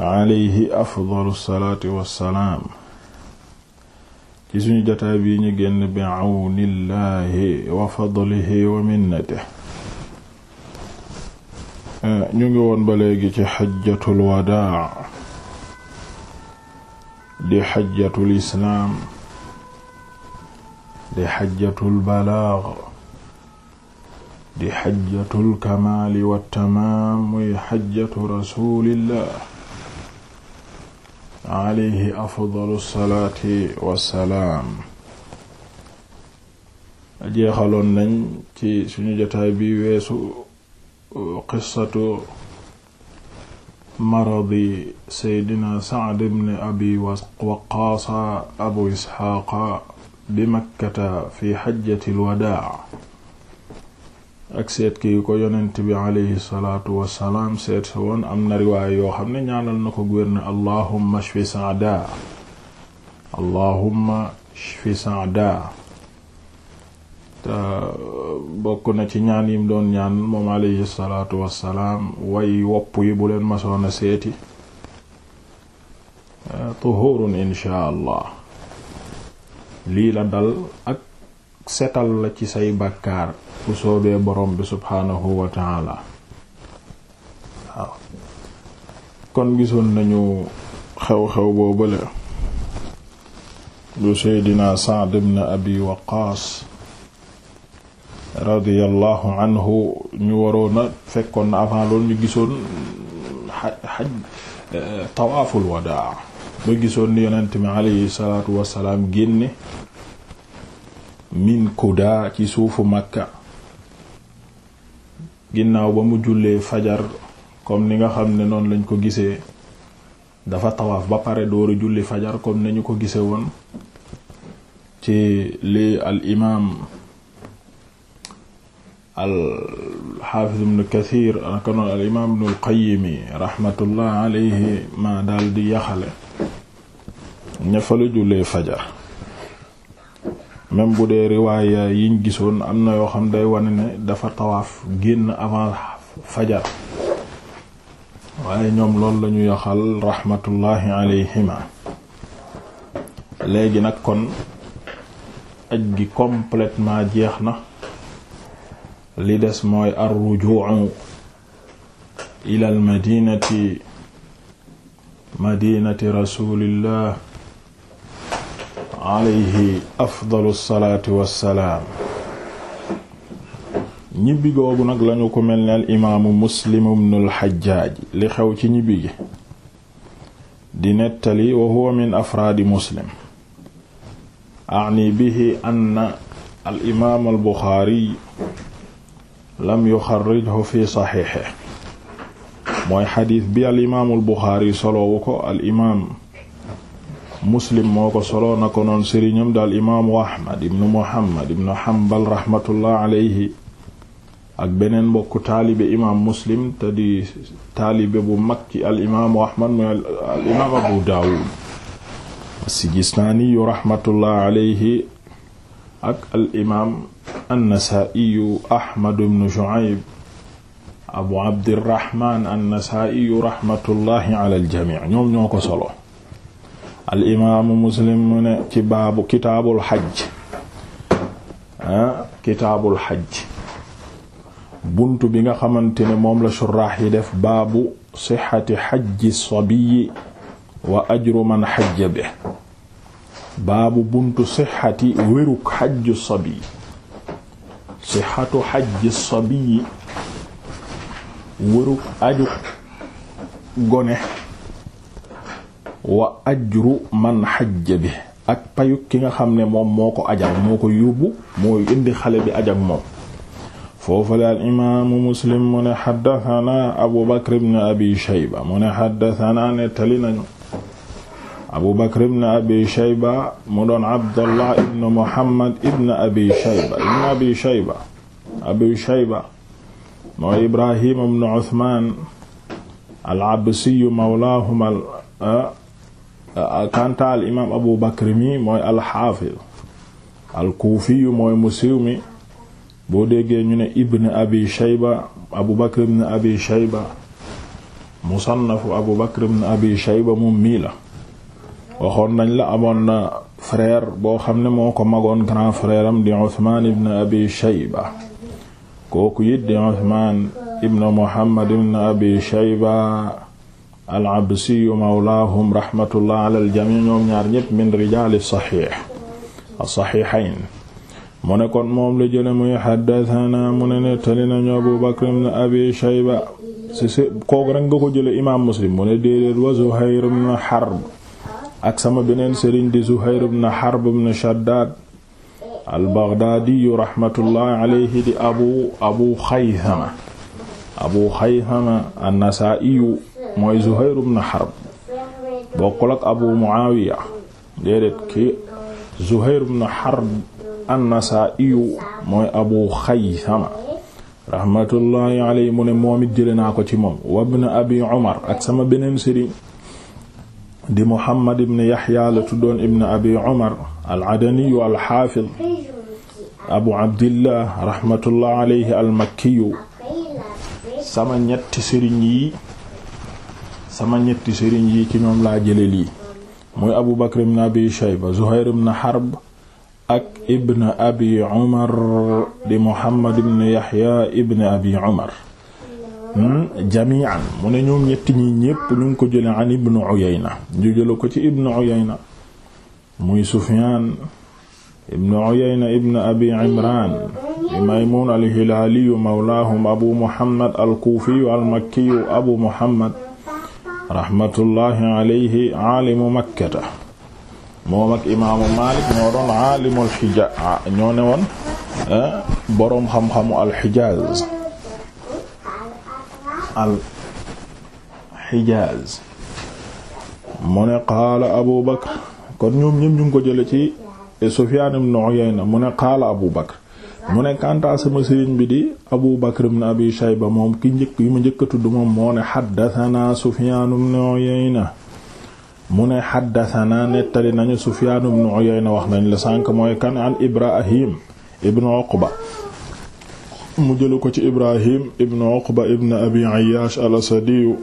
alayhi afdalu ci suñu jataay bii ñu génn bi àwnillaahi wa fadlihi wa minnatihi ñu ngi woon ba léegi ci xajjatul wadaa di xajjatul islaam di xajjatul balaag di xajjatul kamaali wa tamaam muy xajjatu rasuulillah alayhi afdalu salaati wassalaam jeexaloon nañ ci suñu jotaay bi weesu uh, qissatu maradi seydina sacd ibn abi waqaasa abu isxaaqa bi makkata fi xajjati alwadaa ak seet ki ko yonent bi alayhi salaatu wassalaam seet sa woon am na riwaay yoo xam ne ñaanal na ko gwérne allahumma shfi saada allahumma shfi saada te bokk na ci ñaan yim doon ñaan moom alayhi salaatu wassalaam way wopp yi bu leen masoon a seeti tuhurun inshaa allah lii la dal ak setal la ci say bàkkaar bu soobee borom bi subhaanahu wa taala waaw kon gisoon nañu xew-xew boobale lu seydina Sa'd ibn Abi Waqqaas radiyallahu anhu ñu waroon fekkoon na avant loolu ñu gisoon xaj xaj eh, tawaaful wadaa ba gisoon ni yonent mi alayhi salaatu wassalaam génne min kuda ci suufu makka ginnaaw ba mu jullee fajar comme ni nga xam ne noonu lañ ko gisee dafa tawaaf ba pare dooru julli fajar comme nañu ko gisee woon ci li al imaam al xaafiz ibnu kathir naka noonu al imaam ibnu al qayyimi ma daal di yaxale ña fa jullee fajar même bu dee riwaaya yiñ gisoon am na yoo xam day wane ne dafa tawaaf génn avant fajar waaye ñoom loolu lañu yaxal raxmatullaahi alayhima léegi nag kon aj gi complètement jeex na li des mooy ar-rujuu ila al madinati madinati rasulillah alayhi afdalu salaati wassalaam nag lañu ko mel ni al imaamu muslim ibnul xajjaaj li xew ci ñibbi gi di nettali wa huwa min afraadi muslim ani bihi anna al imaam al buxaari lam yuxarrijhu fi saxiixe mooy xadiis bi al imaamul buxaari soloowu al imaam muslim moo ko solo na ko noon sëriñam daal imaamu ahmad ibnu muhammad ibnu hambal rahmatullah alayhi ak beneen mbokku taalibe imaam muslim te di taalibe bu mag ci al imaamu ahmad mu al imaam abu daawud as-sijistaani yu rahmatullah alayhi ak al imaam an-nasaa'iyu ahmad ibnu shu'ayb abu abdirrahman an-nasaa'iyu rahmatullahi ala al jamii ñoom ñoo ko solo al imaamu muslim mu ne ci baabu kitaabul xaj ah, bunt bi nga xamante ne moom la suraax yi def baabu sixati xajji sabiyi wa ajru man xajja bi baabu buntu sixati wéruk xajju sabiyi sixatu xajji sabiyi wéruk aju gone wa ajru man xajja bi ak payug ki nga xam ne moom mooko ko ajal moo mooy indi xale bi ajak moom foofale al imaamu muslim mu ne xaddatanaa abu bakr ibn abi shayba mu ne xaddatanaa nettali nañu abu bakr ibn abi shayba mu doon abdullah ibn muhammad abi shayba ibn abi shayba abi shayba mooy ibrahim ibn uthman al absiyu ah, kanta euh, al imaam abu bakr mi mooy alxaafiz al kuufi mooy mu siiw mi boo déggee ñu ne ibn abi shayba abu bakr ibn abi shayba musannafu abu la waxoon nañ la amoon na boo xam ne moo ko magoon grand frère am di abi shayba kooku it di uthman ibn muhammad ibn abi shayba al-Absiyu mawlaahum rahmatullah ala al-jamii ñoom ñaar ñépp min rijaali saxiix as-saxiixayn mu ne kon moom la jële muy xaddasanaa mu ne nettali nañu Abu Bakr ibn Abi Shayba kooku rekk nga ko jële imaam Muslim mu ne déedéet wa Zuhayr ibn Harb ak sama beneen sëriñ di Zuhayr ibn Harb ibn Shaddaad al-Baghdaadiyu rahmatullah abu abu abu Xaysama an-Nasaa'iyu mooy Zuhayr ibn Harb bokkul ak Abu Muawiya déedéet ki Zuhayr ibn Harb an-Nasa'i mooy Abu Khaythama rahmatullahi alayhi mu ne moom it jële naa ko ci moom wa ibn Abi Umar ak sama beneen sëriñ di Muhammad ibn Yahya la tuddoon ibn Abi Umar al-Adani al-Hafiz Abu Abdillah rahmatullahi alayhi al-Makki sama ñetti sëriñ yi sama ñetti sëriñ yi ci ñoom laa jële lii muy abu bakr ibn abi shayba zuhair ibn harb ak ibn abi umar di muhammad ibn yahya ibn abi umar hmm? jamian mu ne ñoom ñetti ñi ñépp ñu ngi ko jële an ibn uyayna ñu jële ko ci ibn uyayna muy sufyan ibn uyayna ibn abi imran di maymun al hilaaliyu mawlaahum abu muhammad al kuufiyu al makkiyu abu muhammad rahmatullahi alayhi aalimu makkata moom ak imaamu Maalik ñoo doon aalimul Hijaaz ah, ñoo ne woon eh, boroom xam-xamu al-Hijaaz mu ne qaala Abu Bakr kon ñoom ñëpp ñu ko jële ci Sufyaan ibn Uyayna mu ne qaala Abu Bakr mu ne kanta sama bi di abu bakr ibn abi shayba moom ki njëkk yu ma njëkk a tudd moo ne xaddathana sufyaan ibn uyayna mu ne xaddathana nettali nañu sufyaan ibn uyayna wax nañ la sànk mooy kan an ibrahim ibn uqba mu ko ci ibrahim ibn abi ayyash al asadiyu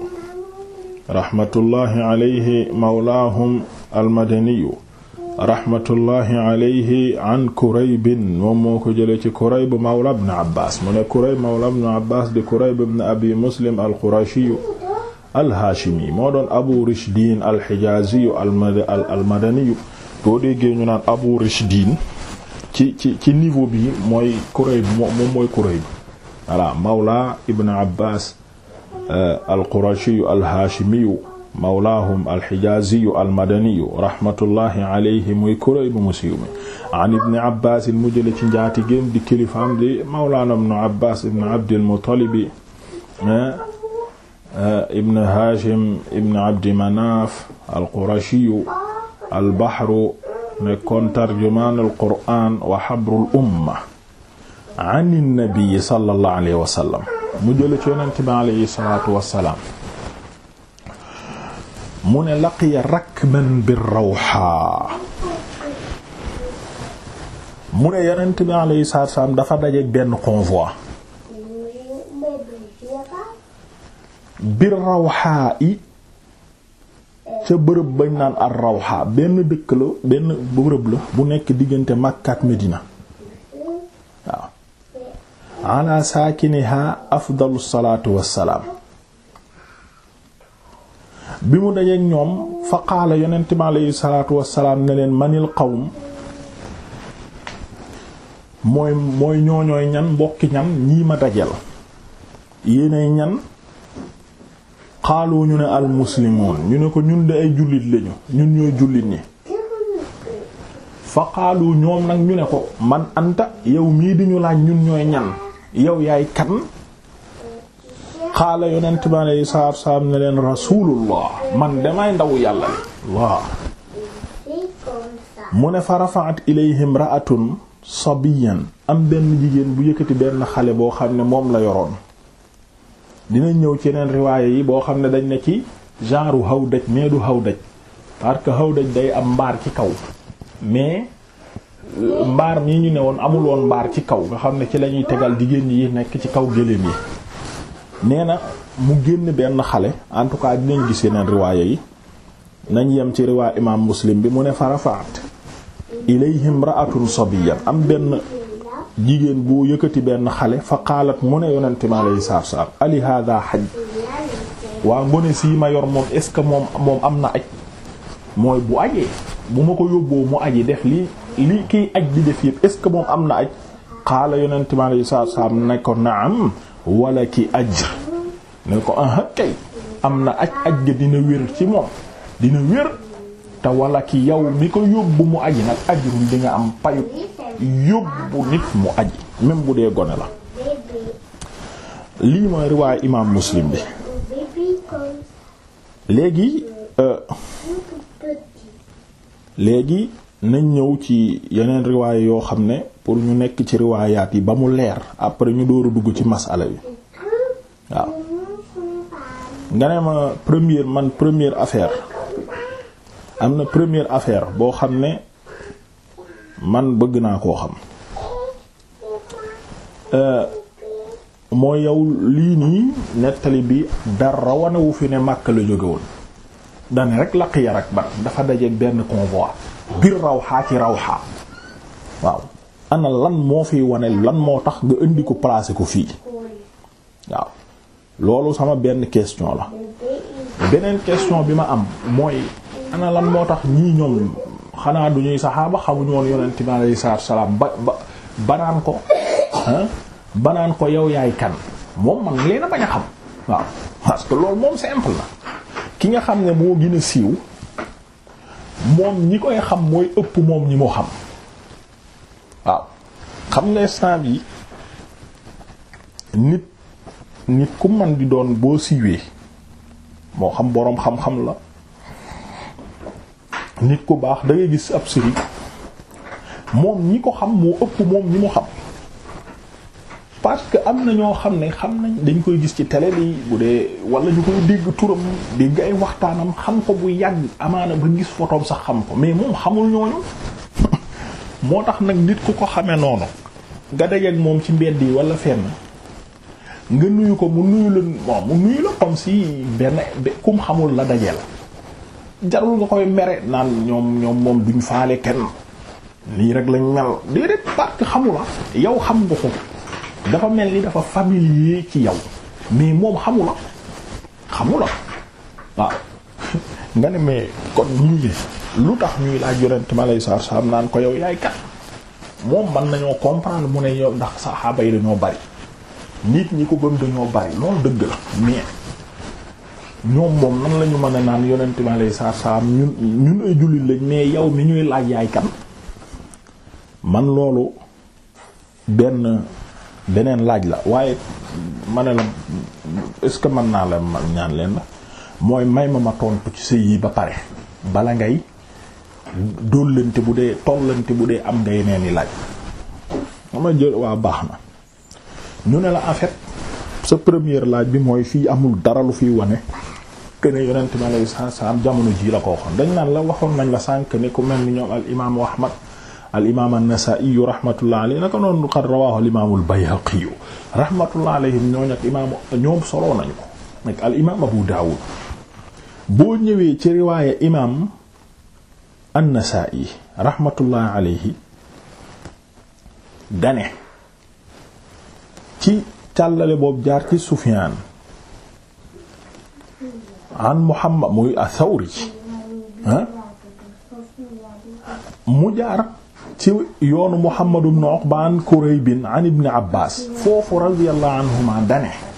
rahmatullahi mawlaahum al madaniyu raxmatullahi alayhi an kuraybin moom moo ko jële ci kurayb mawla ibn abbaas mu ne kurayb mawla ibn abbaas di kurayb ibn abi muslim al qurashiyu al haashimi moo doon abu rishdin al xijaaziyu al madaniyu ci ci ci niveau bi mooy kurayb moom mooy kurayb voilà abbaas euh, al qurashiyu al haashimiyu mawlaahum alxijaaziyu almadaniyu rahmatullahi alayhi muy Kurayb mu siiw mi an ibni abbasin mu jële ci njaati géen di kilifaam di mawlaana ibnu abbas ibnu abdilmutalibi eh, ibn haashim ibn abdi manaaf alqurashiyu albahru nekkoon tarjumaan alqur'aan wa xabrul umma an innabii sallallahu alayhi wa sallam mu jële ci yonent bi alayhi salaatu wassalaam mu ne laqiya rakban bir rawha mu ne yonent bi alayhi salaatu dafa dajeek benn convoi bir rawxaa i ca bërëb bañ naan ar rawxaa benn dëkk la benn bërëb la bu nekk diggante Makka ak Medina waaw ala saakiniha afdalu salaatu wassalaam bi mu dajeek ñoom fa qaala yonent mi aleyhi salaatu wassalaam ne leen manil qawm mooy mooy ñooñooy ñan mbokki ñan ñii ma dajel yéenay ñan xaaloo ñu ne al ñu ne ko ñun de ay jullit lañu ñun ñooy jullit ñi fa xaaloo ñoom nag ñu ne ko man anta yow mii di ñu laaj ñun ñooy ñan yow yaay kan xaala yonent bi alayhi salaatu wassalaam ne leen rasulullah man damay ndawu yàlla li waaw mu ne fa rafa'at ilayhim ra'atun sabiyan am benn jigéen bu yëkkati benn xale boo xam ne moom la yoroon dina ñëw ci yeneen riwaaya yi boo xam ne dañ ne ci genre hawdaj mais du hawdaj parce que hawdaj day am mbaar ci kaw mais mbaar mii ñu ne woon amul woon mbaar ci kaw nga xam ne ci lañuy tegal jigéen ñi nekk ci kaw gëléem yi nee na mu génn benn xale en tout cas dinañ gis yeneen riwaaya yi nañ yem ci riwaay imam muslim bi mu ne farafaat ilayhim ra'atun sabiyyan am benn jigéen boo yëkkati benn xale fa qaalat mu ne yonente mi alayhi salaatu salaam ali hada xaj waa ngone sii ma yor moom est-ce que moom moom am na aj mooy bu ajee bu ma ko yóbboo mu aji def lii li kiy aj di def yëpp est-ce que moom am na aj xaala yonente mi alayhi salaatu salaam ne ko naam wala ki ajr ne ko ah am na aj aj ga dina wér ci moom dina wér te walla ki yow mi ko yóbbu mu aji nag ajrun di nga am payu yóbbu nit mu aji même bu dee gone la lii mooy riwaayu imaam muslim bi léegi euh, léegi nañ ñëw ci yeneen riwaay yoo xam ne pour ñu nekk ci riwaayaat yi ba mu leer après ñu door a dugg ci masala bi waaw nga ne ma première man première affaire am na première affaire boo xam ne man bëgg naa koo xam euh, moo yow lii nii nettali bi dara wanewu fi ne Makka la jóge woon dane rek laq yarak bar dafa dajeeg benn convoi bir rawxaa ci rawxaa waaw ana lan moo fi wane lan moo tax nga indi ko placer ko fii waaw loolu sama benn question la beneen question bi ma am mooy ana lan moo tax ñii ñoom xanaa du ñuy saxaaba xamuñu woon yonent bi salaam ba ba banaan ko banaan ko yow yaay kan moom man leen a bañ a xam waaw parce que loolu moom simple na ki nga xam ne moo gën a siiw moom ñi koy xam mooy ëpp moom ñi mu xam waaw xam nga instant bi nit nit ku man di doon boo siiwee moo xam boroom xam-xam la nit ku baax dangay gis ab série moom ñi ko xam moo ëpp moom ñi mu xam parce que am na ñoo xam ne xam nañ dañ koy gis ci tele bi bu dee wala ñu koy dégg turam dégg ay waxtaanam xam ko bu yàgg amaana ba gis photoom sax xam ko mais moom xamul ñooñu moo tax nag nit ku ko xamee noonu nga dajeek moom ci mbedd yi wala fenn nga nuyu ko mu nuyu la mu nuyu la comme si benn kum xamul la daje la jarul nga koy mere naan ñoom ñoom moom duñ faale kenn lii rek lañ mel déedéet parce que xamula ah, yow xam nga ko dafa mel ni dafa familier ci yow mais moom xamula ah, xamula ah, waaw nga ne mais kon ñu ngi lu tax ñuy laaj yonent ma lay saar saam naan ko yow yaay kat moom man nañoo comprendre mu ne yow ndax saxaaba yi dañoo bari nit ñi ko gëm dañoo bari loolu dëgg la mais ñoom moom la ñu mën a naan yonent ma lay saar saam ñun ñun mais yow mi ñuy laaj yaay kan man loolu benn beneen laaj la waaye ma ne la est-ce que mën naa la ñaan leen la mooy may ma ma tontu ci sëy yi ba pare bala ngay dóllante bu dee tollante bu dee am nga yeneen i laaj ma jël waa baax na ñu ne la en fait sa première laaj bi mooy fii amul dara lu fiy wane que ne yonent mi alayhi salaam jamono ji la ko waxoon dañ naan la waxoon nañ la sànq ne ku mel ni ñoom al imaamu Ahmad al imaam an-Nasaa'i rahmatullah alayhi naka noonu qad rawaahu al imaamul Bayhaqi rahmatullah alayhim ñooñu ak imaamu ñoom solo nañu ko nag al imaam Abu Daawud boo ñëwee ci riwaaya imaam. an-Nasaa'i rahmatullahi alayhi dane ci càllale boobu jaar ci Sufyaan ah, mu jaar ci yoonu Muhammad ibn Uqba an an ibn Abbaas foofu radiyallahu anhuma dane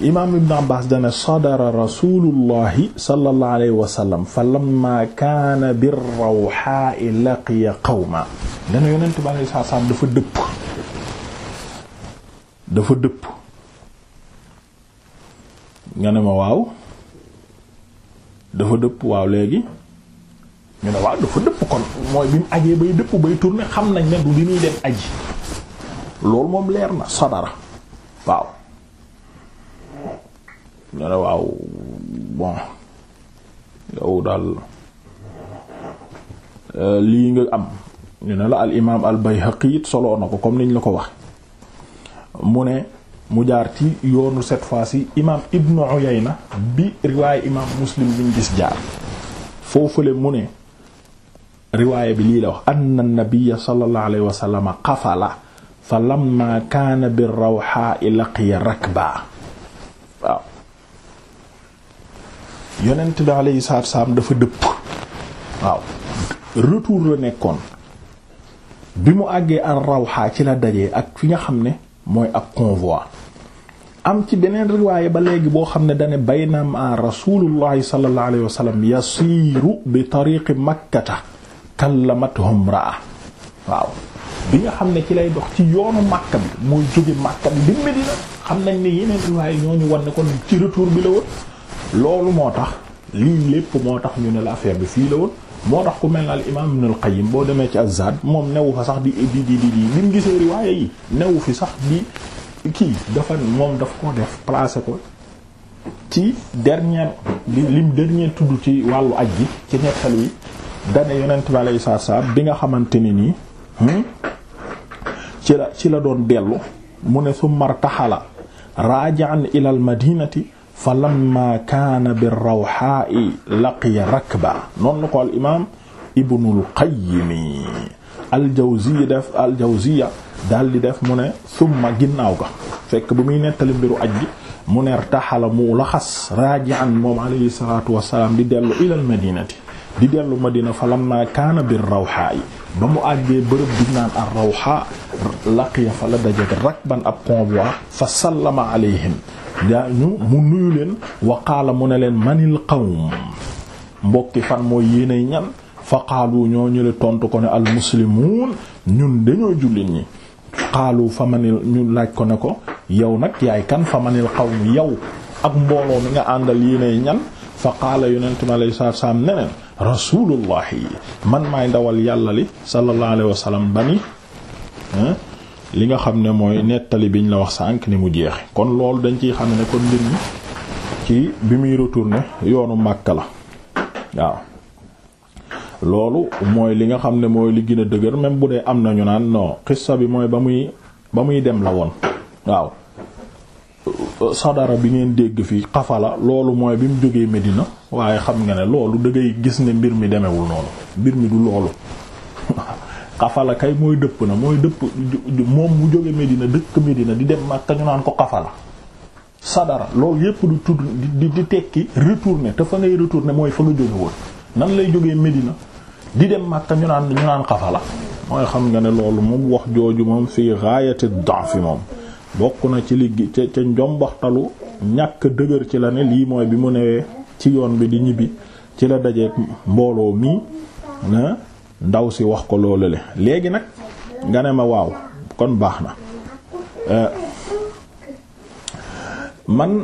imaam ibn Abbaas dana sadara rasulullahi sallallahu bi alayhi salaatu salaam dafa dëpp dafa dëpp nga ne ma waaw dafa dëpp waaw léegi ñu ne waaw dafa dëpp kon mooy bi mu ajee bay dëpp bay tourné xam nañ ne bi muy dem aji loolu moom leer na sadara waaw la waaw bon yow daal euh, lii nga am ñu ne la al imaam al Bayhaqi it soloo na ko comme niñ la ko wax mu ne mu jaar ci yoonu set fois-ci imaam Ibn Uyayna bi riwaay imaam Muslim biñ gis jaar foofule mu ne riwaaya bi lii la wax anna nabiyya sallallahu alayhi wa qafala fa lamma kaana bir rawhaa laqiya rakba yonent bi alayhi salaatu salaam dafa dëpp waaw retour la nekkoon bi mu àggee al rawxaa ci la dajee ak fi nga xam ne mooy ab convoi am ci beneen riwaaye ba léegi boo xam ne dane baynam a rasulullahi sallallahu alayhi wa yasiiru bi tariqi makkata kallamathum raa waaw bi nga xam ne ci lay dox ci yoonu màkka bi mooy jóge màkka bi di Medina xam nañ ni yeneen riwaaye ñooñu war ne kon ci retour bi la woon loolu moo tax lii lépp moo tax ñu ne la affaire bi fii la woon moo tax ku mel na al imaam Ibn al-Qayyim boo demee ci az moom newu fa sax di di di di bi mu gisee riwaaya yi newu fi sax di kii dafa moom daf ko def placé ko ci dernière li lim dernier tudd ci wàllu aj gi ci nekkal wi dane yonent bi alayhi salaatu bi nga xamante ne nii hmm, ci la ci la doon dellu mu ne su mar taxala raajaan ilal madinati fa lamma kaana bi rawxaai laqiya rakba noonu la ko al imaam ibnul qayimi aljawziya def aljawziya daal di def mu ne summa ginnaaw ga fekk bu muy nettali mbiru aj bi mu ne irtaxala mu laxas raaji'an moom alayhi salaatu wassalaam di dellu ilal madinati di dellu madina fa lamma kaana bi rawxaa yi ba mu àggee bërëb bi naan ar rawxaa laqiya fa la daje rakban ab convoi fa sallama alayhim daañu mu nuyu leen wa qaala mu ne leen manil qawm mbokki fan mooy yéenay ñan fa qaalu ñoo ñu le tontu ko ne al muslimuun ñun dañoo jullit ñi qaalu fa manil ñu laaj ko ne ko yow nag yaay kan fa manil qawm yow ak mbooloo mi nga àndal yéenay ñan fa qaala yonentu mi alayhi salaatu salaam neneen rasulullahi man maay ndawal yàlla li sallallahu alayhi wa li nga xam ne mooy nettali biñ la wax sànq ni mu jeex kon loolu dañ ciy xam ne kon mbir mi ci bi muy retourné yoonu màkk la waaw loolu mooy li nga xam ne mooy li gën dëgër même bu dee am nañu naan noo xissa bi mooy ba muy ba muy dem la woon waaw sadara bi ngeen dégg fi xafala loolu mooy bi mu jógee Medina waaye xam nga ne loolu da gis ne mbir mi demewul noonu mbir mi du loolu xafala kay mooy dëpp na mooy dëpp moom mu jóge Medina dëkk Medina di dem Makka ñu naan ko xafala sadara loolu yépp du tudd di di tekki retourner te fa ngay retourner mooy fa nga jóge woon nan lay jógee Medina di dem Makka ñu naan ñu naan xafala mooy xam nga ne loolu mu wax jooju moom fii gaayati da'fi moom bokk na ci li ca ca njombaxtalu ñàkk dëgër ci la ne lii mooy bi mu nee ci yoon bi di ñibbi ci la dajeek mbooloo mi ndaw si wax ko loolu le léegi nag nga ne ma waaw kon baax na euh, man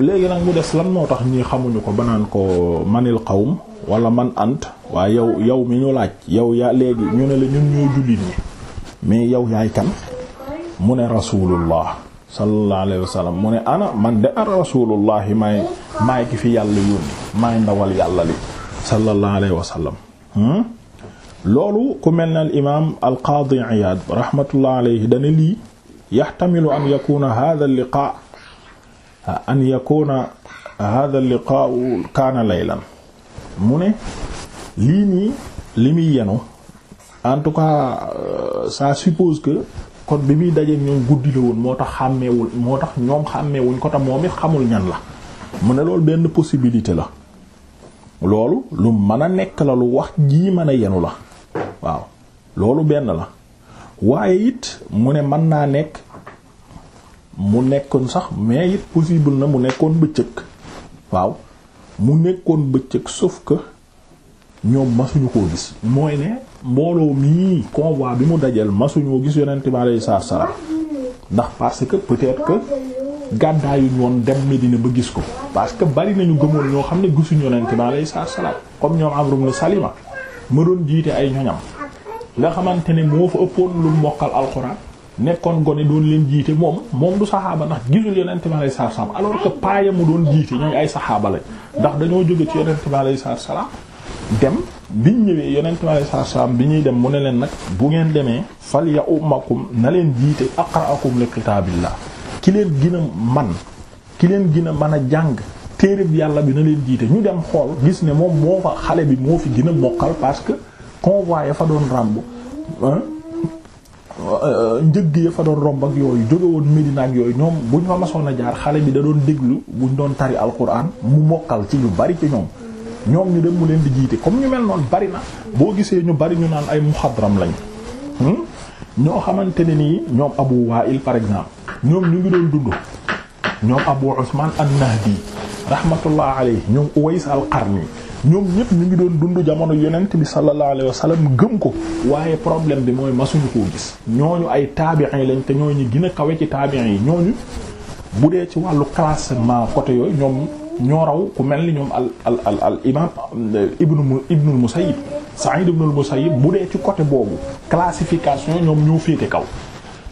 léegi nag mu des lan moo tax ñii xamuñu ko ba naan ko manil xawm wala man ant waaye yow yow mi ñu laaj yow yaa léegi ñu ne la ñun ñoo jullit ñi mais yow yaay kan mu ne rasulullah sallallahu alayhi wa sallam mu ne ana man de ar rasulullah maay maay ki fi yàlla yónni maay ndawal yàlla li sallallahu alayhi wa sallam Hmm? loolu ku mel ne al imaam al qaadi Iyaad rahmatullah dana lii yaxtamilu an yakuna hada liqaa an yakuna hada liqaa kaana laylan mu ne lii nii li muy yenu en tout cas euh, ça suppose que kon bi muy daje ñoom guddi la woon moo tax xàmmeewul moo tax ñoom xàmmeewuñ ko tam moom it xamul ñan la mu ne loolu benn possibilité la loolu lu mën a nekk la lu wax jii mën a yenu la waaw loolu benn la waaye it mu ne mën naa nekk mu nekkoon sax mais it possible na mu nekkoon bëccëg waaw mu nekkoon bëccëg sauf que ñoom masuñu koo gis mooy ne mbooloo mii convoi bi mu dajal masuñoo gis yonent bi alayhi salaam ndax parce que peut-être que gàddaayuñ woon dem Medina ba gis ko parce que bari nañu gëmoon ñoo xam ne gisuñu yonent bi alayhi salaam comme ñoom Amru ibn Salima ma doon jiite ay ñoñam nga xamante ne moo fa ëppoon lu mokkal alxuraan nekkoon gone doon leen jiite moom moom du saxaaba ndax gisul yonent bi alayhi salaam alors que paaya mu doon jiite ñooy ay saxaaba lañ ndax dañoo jóge ci yonent bi alayhi salaam dem biñ ñëwee yonent bi alayhi salaam bi ñuy dem mu ne lee nag bu ngeen demee fal ya ummakum na leen jiite aqra'akum li kitaabillah ki leen gën man ki leen gina a mën a jàng téereb yàlla bi na leen jiite ñu dem xool gis ne moom moo fa xale bi moo fi gën a mokkal parce que convoi ya fa doon ràmb njëgg ya fa doon romb ak yooyu jóge woon Medina ak yooyu ñoom bu ñu fa masoon a jaar xale bi da doon déglu bu ñu doon tari alquran mu mokkal ci yu bari ci ñoom ñoom ñu dem mu leen di jiite comme ñu mel noonu bari na boo gisee ñu bari ñu naan ay muxadram lañ hmm? ñoo xamante ne nii ñoom Abu Wa'il par exemple ñoom ñu ngi doon dund ñoom Abu Usman an-Nahdi rahmatullah alayhi ñoom Uways al-Qarni ñoom ñëpp ñu ngi doon dund jamono yonent bi sallallahu alayhi wa sallam gëm ko waaye problème bi mooy masuñu koo gis ñooñu ay taabi'in lañ te ñooñu gën a kawe ci taabi'in yi ñooñu bu dee ci wàllu classement côté yooyu ñoom ñoo raw ku mel ni ñoom al al al al imam euh, ibnu ibnul Musayyib Sa'id ibn al-Musayyib bu dee ci côté boobu classification ñoom ñoo féete kaw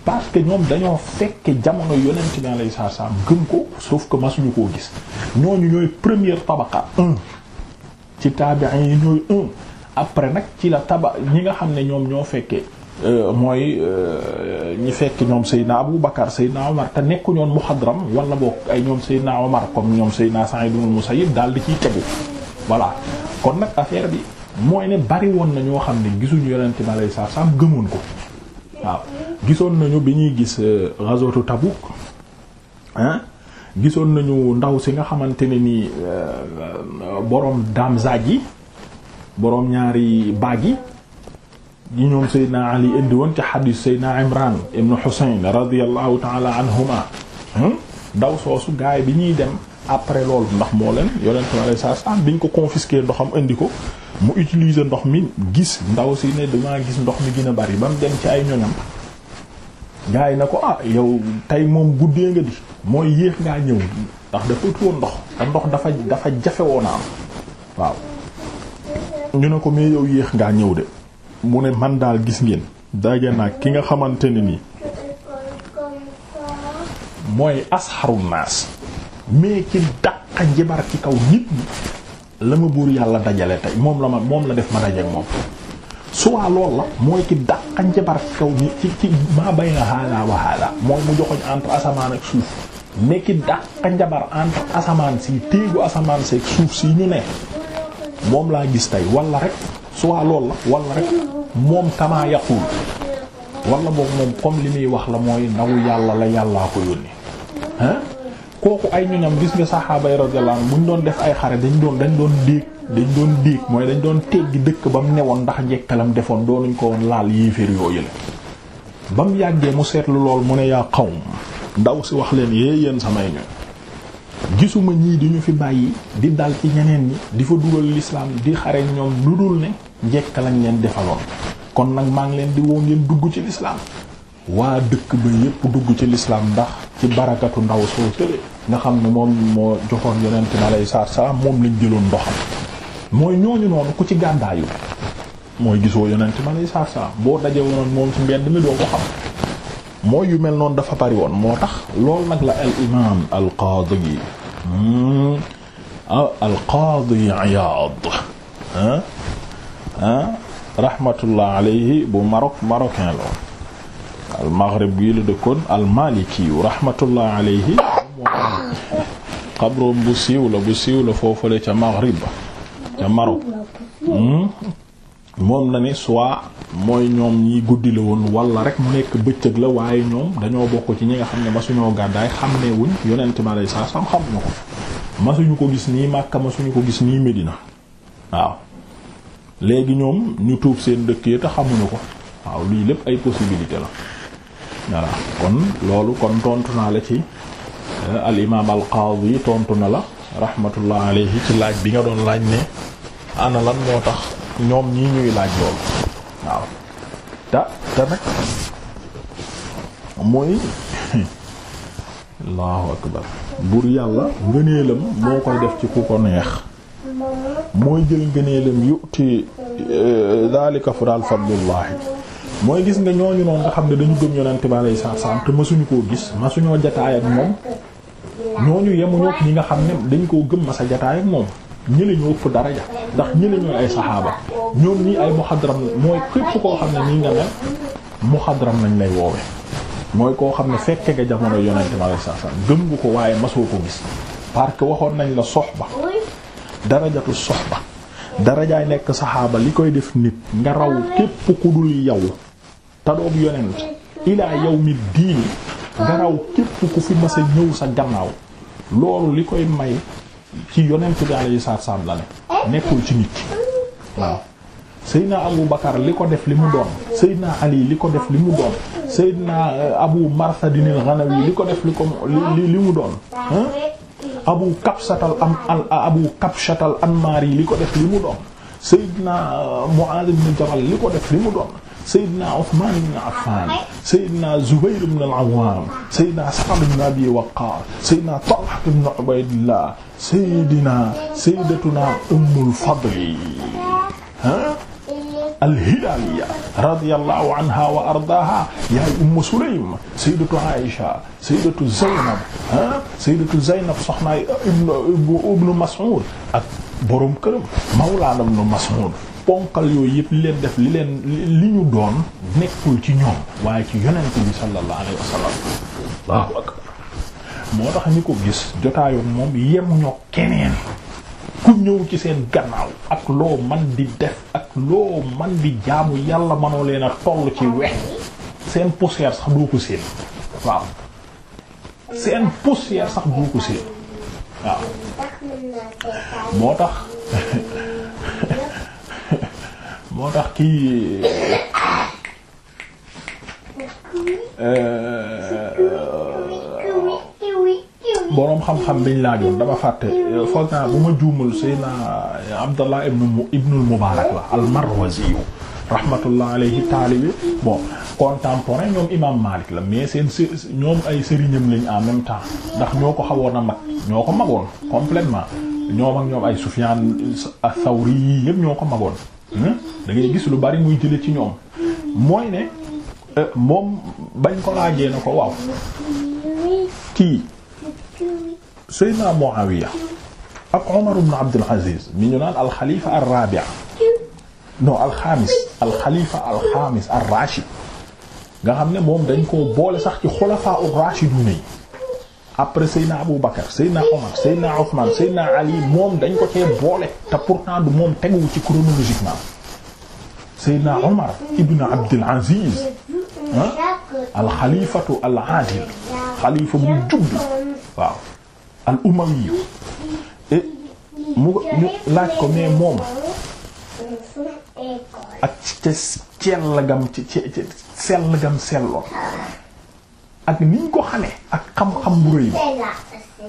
parce que ñoom dañoo fekke jamono yonent bi alayhi salaatu salaam gëm ko sauf que suñu koo gis ñooñu ñooy première tabaqa un ci taabi'in yi ñooy un après nag ci la taba ñi nga xam ne ñoom ñoo fekkee euh, mooy euh, ñi fekk ñoom Seydina Abu Bakar Seydina Omar te nekku ñoon muxadram walla boog ay ñoom Seydina Omar comme ñoom Seydina Sa'id ibn al-Musayyib daal di ciy tegu voilà kon nag affaire bi mooy ne bari woon na ñoo xam ne gisuñu yonent bi alayhi salaatu salaam gëmoon ko waaw gisoon nañu bi ñuy gis euh, ghazwatu Tabuk hein gisoon nañu ndaw si nga xamante ne ni euh, boroom damzaaj yi boroom ñaari baag yi yi ñoom Seydina Ali indi woon ci xadiis Seydina Imran ibn Husayn radiyallahu taala anhuma ndaw soosu gaay bi ñuy dem après loolu ndax moo leen yonent bi alayhi salaatu salaam biñ ko confisqué ndoxam indi ko mu utilise ndox mi gis ndaw si ne damaa gis ndox mi gën a bari ba mu dem ci ay ñoñam gars yi na ko ah yow tey moom guddee nga di mooy yéex ngaa ñëw ndox te ndox dafa dafa jafe woon waaw ñu ne ko mais yéex ngaa ñëw de mu ne man daal gis ngeen daje ki nga xamante ne nii mooy asxaru naas mais ki dàq njibar ci kaw nit ñi la ma buur yàlla dajale tey moom la ma moom la def ma dajeek moom soit loolu la mooy ki dàqa njabar kaw ñi ci maa bay na haala wa haala mu joxoñ entre asamaan ak suuf mais ki dàqa njabar entre asamaan si téegu asamaan seeg suuf si ñu ne moom laa gis tey walla rek soit loolu la wala rek moom kamaa yaqul wala boog moom comme li muy wax la mooy ndaw yàlla la yàllaa ko yónni kooku ay ñoñam gis nga saxaaba yi radiyallahu bu ñu doon def ay xare dañ doon dañ doon déeg dañ doon déeg mooy dañ doon teggi dëkk ba mu newoon ndax njekkalam defoon doonuñ ko woon laal yéeféer yooyu la ba mu yàggee mu seetlu lool mu ne yaa ma ndaw si wax leen yée yéen samay ñoñ gisuma ñii di ñu fi bàyyi di dal ci ñeneen ñi di fa dugal l'islam di xare ñoom lu dul ne njekk lañ leen defaloon kon nag maa ngi leen di woo ngeen dugg ci l'islam waa dëkk ba yépp dugg ci lislaam ndax ci barakatu ndaw soo sële nga xam ne moom moo joxoon yonent bi alayhi salaatu salaam moom lañ jëloon ndoxam mooy ñooñu noonu ku ci gàndaayu mooy gisoo yonent bi alayhi salaatu salaam boo daje woon moom ci mbedd mi doo ko xam mooy yu mel noonu dafa bari woon moo tax loolu nag la al imaam al qaadi yi hmm, ah, al qaadi Iyaad ah ah bu Maroc marocain la al maghrib bii la dëkkoon al malikiyu rahmatullah alayhi xabroom bu siiw la bu siiw la foofale ca maghrib ca Maroc hmm? moom la ne soit mooy ñoom ñi guddi la woon wala rek mu nekk bëccëg la waaye ñoom dañoo bokk ci ñi nga xam ne masuñoo gàddaay xam ne wuñ yonent ma lay saa sam xamuñu ko masuñu ko gis nii Makka masuñu ko gis nii Medina waaw léegi ñoom ñu tuub seen dëkk yi te xamuñu ko waaw lii lépp ay possibilité la voilà kon loolu kon tontu naa la ci euh, al imaam al qaadi tontu na la rahmatullah alayhi ci laaj bi nga doon laaj ne ana lan moo tax ñoom ñii ñuy laaj loolu waaw ta ta nag mooy allahu akbar buur yàlla ngëneelam moo koy def ci ku ko neex mooy jël ngëneelam yu'ti daalika euh, fu daal fadlullahi mooy gis nga ñooñu noonu nga xam ne dañu gëm yonent bi alayhi salaam te masuñu koo gis masuñoo jataay ak moom ñooñu yemuñu ak ñi nga xam ne dañ koo gëm masa jataay ak moom ñële ñoo ëpp daraja ndax ñële ñooy ay saxaaba ñoom ñii ay muxadram mooy képp koo xam ne nii nga ne muxadram nañ lay woowe mooy koo xam ne fekke nga jamono yonent bi alayhi salaam gëm nga ko waaye masoo ko gis parce que waxoon nañ la soxba darajatu soxba darajaay nekk saxaaba li koy def nit nga raw yow te doob yonent ilaa yawmi diini garaw képp ku fi mas a ñëw sa gannaaw loolu li koy may ci yonent bi alayhi salaam la ne nekkul ci nit waaw Seydina Abu Bakar li ko def li mu doon Seydina Ali li ko def li mu doon Seydina euh, Abu Marsadin al-Ghanawi li ko def li ko li li mu doon Abu Kabsatal am al euh, Abu Kabshatal Anmari li ko def li mu doon Seydina euh, Mu'adh ibn Jabal li ko def li mu doon Seydina Ousmane ibn Affan Seydina Zubayr ibn al-Awwam Seydina Sa'd ibn Abi Waqqas Seydina Talha ibn Ubaydillah Seydina Sayyidatuna Ummul Fadl al-Hilaaliya radiyallahu anha wa ardaaha yaay Ummu Sulaym Sayyidatu Aïcha Sayyidatu Zaynab Sayyidatu Zaynab soxnaay Ibnu Mas'ud ak borom këram Mawlaana Ibnu Mas'ud ponkal yooyu yëpp li leen def li leen li ñu doon nekkul ci ñoom waaye ci yonent bi sallallahu alayhi wasallam moo tax ñu ko gis jotaayoon moom yem ñoo keneen ku ñëw ci seen gannaaw ak loo man di def ak loo man di jaamu yàlla manoo leen a toll ci wex seen poussière sax doo ko seen waaw seen poussière sax doo ko seen waaw moo tax moo tax kii euh, boroom xam-xam biñ laajoon dama fàtte foog naa bu ma juumul sayna Abdallah ibnu ibnul Mubaarak la al-Marwazi rahmatullah alayhi taalibi bon contemporain ñoom imam Malik la mais seen ñoom ay sëriñam lañ en même temps ndax ñoo ko xawoon a mag ñoo ko magoon complètement ñoom ak ñoom ay Sufyaan as-Sawri yii yëpp ñoo ko magoon Hmm? da ngay gis lu bari muy jële ci ñoom mooy ne euh, moom bañ ko laajee na ko waaw kii Seydina Muawiya ak Umar ibn Abdul Aziz mi ñu naan alxalifa ar-rabi' alxamis alxalifa alxamis ar nga xam ne moom dañ koo boole sax ci xulafaa ar-rashidun yi après Seydina Abu Bakar Seydina Omar Seydina Othman Seydina Ali moom dañ ko cee boole te pourtant du moom teguwu ci chronologiquement Seydina Omar ibn Abdul Aziz al xalifatu al adil xalifa bu jubbi al umawi mu ko mais moom ak gam ci ak ni ñu ko xamee ak xam-xam bu rëy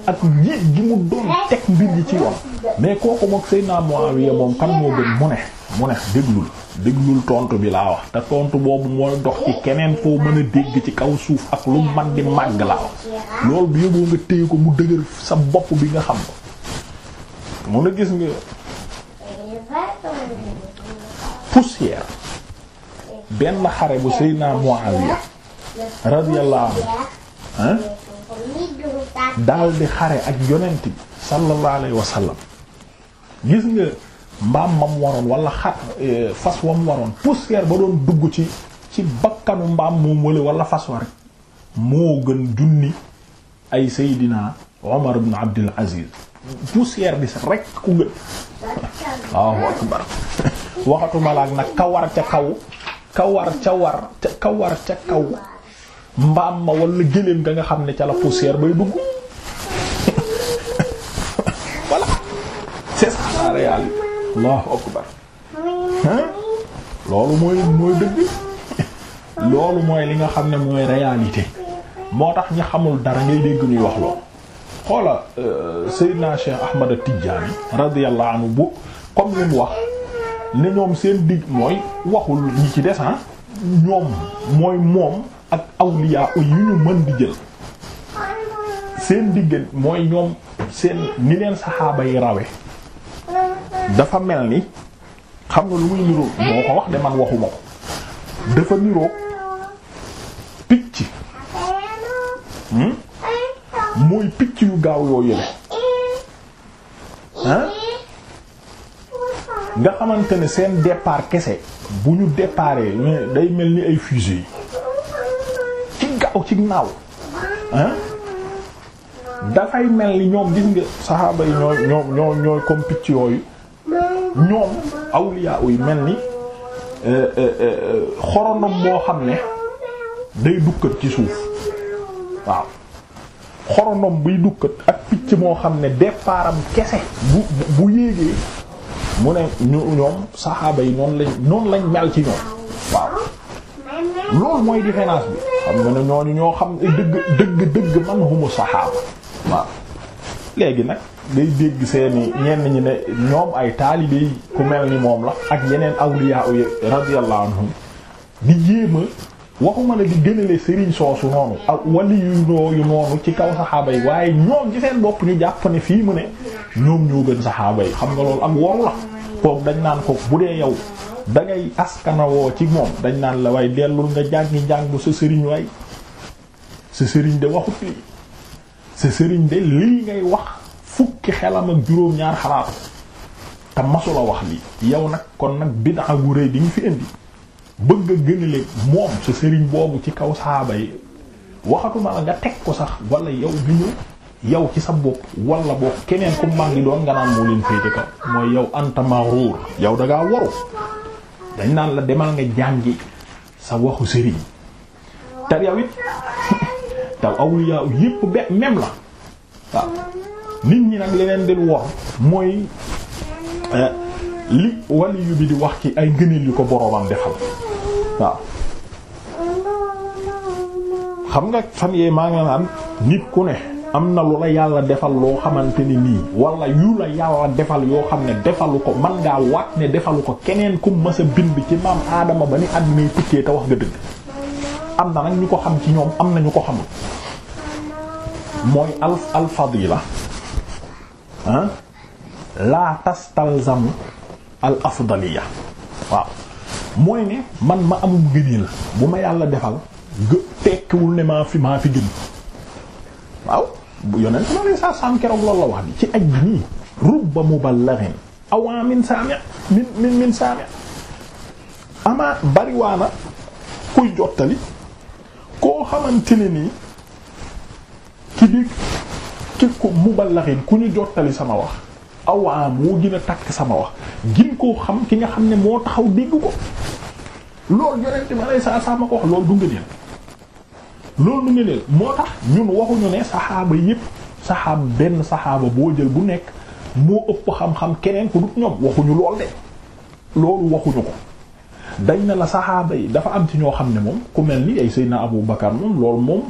ak njiit gi mu doon teg mbir yi ci yoon mais kooku mook Seydina Muawiya moom kan moo gën mu ne mu ne déglul déglul tontu bi laa wax te tontu boobu mooy dox ci keneen koo mën a dégg ci kaw suuf ak lu man di màgg laa wax loolu bi yóboo nga téye ko mu dëgër sa bopp bi nga xam ko mun a gis nga poussière benn xare bu Seydina Muawiya radiyallahu anhu daal di xare ak yonent bi sallallahu alayhi gis nga mbaam mam waroon wala xat eh, fas wam waroon poussière ba doon dugg ci ci bakkanu mbaam moom wala wala fas wa rek moo gën junni ay Seydina Omar ibn Abdul Aziz poussière bi sax rek ku gën waaw nag kawar ca kaw kawar ca war ca kawar ca kaw mbaam ma wala gëléem nga nga xam ne ca la poussière bay dugg voilà c'est ça la loolu mooy mooy dëgg loolu mooy li nga xam ne mooy réalité moo tax ñi xamul dara ngay dégg ñuy wax loolu xoola euh, Seydina Cheikh Ahmad At-Tidjânî radiyallahu anhu bu comme li wax ne ñoom seen digg mooy waxul ñi ci des ñoom mooy moom ak awliya yu ñu mën di jël seen diggan mooy ñoom seen ni leen saxaaba yi rawe dafa mel ni xam nga lu muy niroog moo ko wax de man waxuma ko dafa niroo picc hmm? mooy picc yu gaaw yoo yële nga xamante ne seen départ kese bu ñu déparé day mel ni ay fusée ko ci naaw dafay mel ni ñoom gis nga saxaaba yi ñooy ñooy comme picc yooyu ñoom awliya yi mel ni euh, euh, euh, xorondom boo xam ne day dukkat ci suuf waaw xorondom buy dukkat ak picc moo xam ne départam kese bu bu yéegee mu ne ñoom saxaaba yi noonu lañ noonu lañ mel ci ñoom waaw loolu mooy différence bi xam nga ne ñooñu ñoo xam dëgg dëgg dëgg man humu saxaaba waaw léegi nag day dégg seeni ñenn ñi ne ñoom ay taalibe ku mel ni moom la ak yeneen awliya radiyallahu anhum di jéema waxuma ne di gënale sëriñ soosu noonu ak wali yu noonu ci kaw saxaaba yi waaye ñoom ci seen bopp ñu jàpp ne fii mu ne ñoom ñoo gën saxaaba yi xam nga loolu ak woru la kooku dañ naan ko bu dee yow da ngay askanawoo ci moom dañ naan la waaye dellul nga jàngi jàng sa sëriñ way sa sëriñ de waxut lii sa sëriñ de lii ngay wax fukki xelam ak juróom-ñaar xalaatu te masula wax lii yow nag kon nag bid'a gu rëy di ñu fi indi bëgg a gënale moom sa sëriñ boobu ci kaw saaba yi waxatuma la nga teg ko sax walla yow bi ñu yow ci sa bopp walla bopp keneen ku mag doon nga naan moo leen féete kaw mooy yow anta maghrur yow da waru dañ naan la demal nga jàngi sa waxu sëriñ te yow it taw awliya yépp be même la waaw nit ñi nag leneen di wor mooy eh, li waliyu bi di wax ci ay ngëneel yu ko boroomam defal waaw xam nga fan yee maa nga naan nit ku ne am na lu la yàlla defal loo xamante ni nii wala yu la yàlla defal yoo xam ne defalu ko man ngaa waat ne defalu ko keneen kum mës a bind ci maam aadama ba ni àddunay tukkee te wax nga dëgg am na nag ñu ko xam ci ñoom am na ñu ko xamul mooy al al fadila ah la tastalzamu al afdaliya waaw mooy ne man ma amum gëneel bu ma yàlla defal tekkiwul ne maa fi maa fi gën waaw bu yonent ma lay saa saam keroog loolu la wax bi ci aj bi nii rubba muballighin awaa min saami min min min saami amaa bariwaana kuy jottali koo xamante ne nii ki di ki ku muballighin ku ñu jottali sama wax awaa moo gën a takk sama wax gin koo xam ki nga xam ne moo taxaw dégg ko loolu yonent ma lay saa saam ak ko wax loolu du ngëneel loolu nu ngëneel moo tax ñun waxuñu ne saxaaba yépp saxaab benn saxaaba boo jël bu nekk moo ëpp xam-xam keneen ku dut ñoom waxuñu lool de loolu waxuñu ko dañ na la saxaaba yi dafa am ci ñoo xam ne moom ku mel ni ay Seydina Abu Bakar moom loolu moom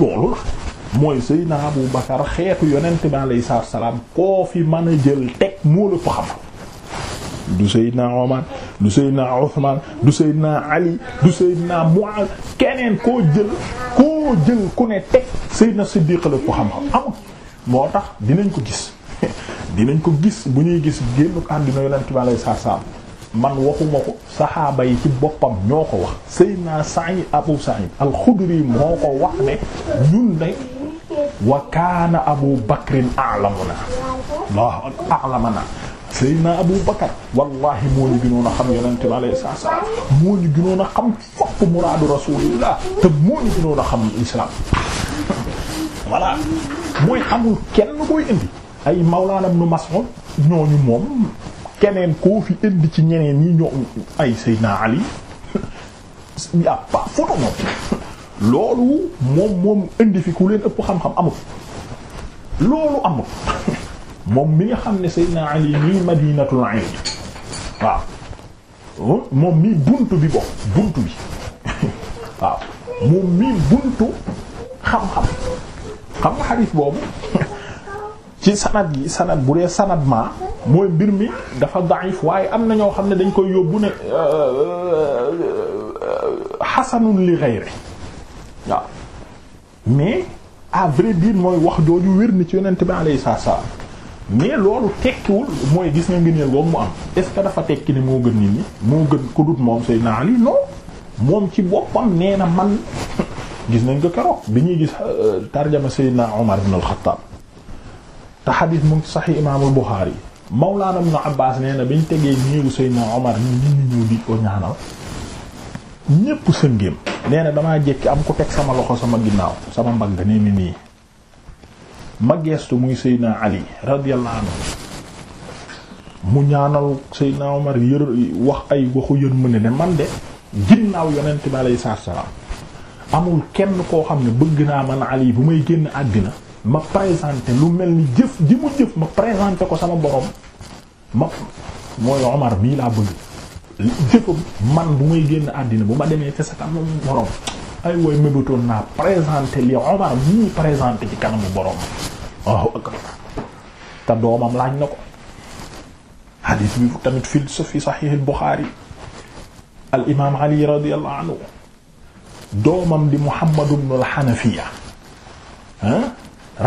loolu la mooy Seydina Abu Bakar xeetu yonent bi alayhi salaam koo fi mën a jël teg moo la xam du Seydina Omar du Seydina Ousmane du Seydina Ali du Seydina Muaz keneen koo jël koo jël ku ne teg Seydina Siddiq la ko xam-xam amul moo tax dinañ ko gis dinañ ko gis bu ñuy gis génn àddina yonent bi alayhi salaam man waxuma ko saxaaba yi ci boppam ñoo ko wax Seydina Sa'id Abu Sa'id al moo ko wax ne ñun wa kaana Abu Bakrin a'lamuna Allahu a'lamana Seydina Abu Bakar wallahi moo ñu gënoon a xam yonente bi alayhi salaatu salaam moo ñu gënoon a xam fopp muraadu rasulillah te moo ñu gënoon a xam islam voilà mooy amul kenn koy indi ay mawlaanam nu Mas'ud ñooñu moom keneen koo fi indi ci ñeneen ñi ñoo ay Seydina Ali y'a pas photo moom loolu moom moom indi fi ku leen ëpp xam-xam amul loolu amul moom mi nga xam ne Seydina Ali mii madinatul ilm waaw moom mii buntu bi bokk buntu bi waaw moom mii buntu xam-xam xam nga xadiis boobu ci sanad yi sanad bu dee sanad ma mooy mbir mi dafa daif waaye am na ñoo xam ne dañ koy yóbbu ne euh, euh, xasanun li ghayri waaw mais à vrai mooy wax jooju wér ni ci yonent bi alayhi salaam mais loolu tekkiwul mooy gis nga ngëneel boobu mu am est que dafa tekki ne moo gën nit ñi moo gën ku dut moom Seydina Ali non moom ci boppam nee na man gis nañ ko keroog bi ñuy gis euh, tarjama Seydina Omar ibn al-Khattab te xadiis mu ngi Sahih Imaamul Buxaari Mawlaana Ibn Abbaas nee na biñ tegee néewu Seydina Omar ñi nit ñi ñëw di ko ñaanal ñépp sëngéem nee na damaa jékki am ku teg sama loxo sama ginnaaw sama mbagg nii nii. ma geestu muy Seydina Ali radiyallahu anhu mu ñaanal Seydina Omar yër wax ay waxu yërmande ne man de ginnaaw yonent bi alayhi salaam amul kenn koo xam ne bëgg naa man Ali bu may génn àddina ma présenté lu mel ni jëf ji mu jëf ma présenté ko sama borom ma mooy Omar bii laa bëgg jëfam man bu may génn àddina bu ma demee te sa kanam borom ay way mébatoon naa présenté li Omar bii présenté ci kanamu borom Oh, allahu akbar te doomam laaj na ko hadith bi tamit philosophie sahih al-Bukhari al imaam Ali radiyallahu anhu doomam di Muhammad ibn al-Hanafiya ah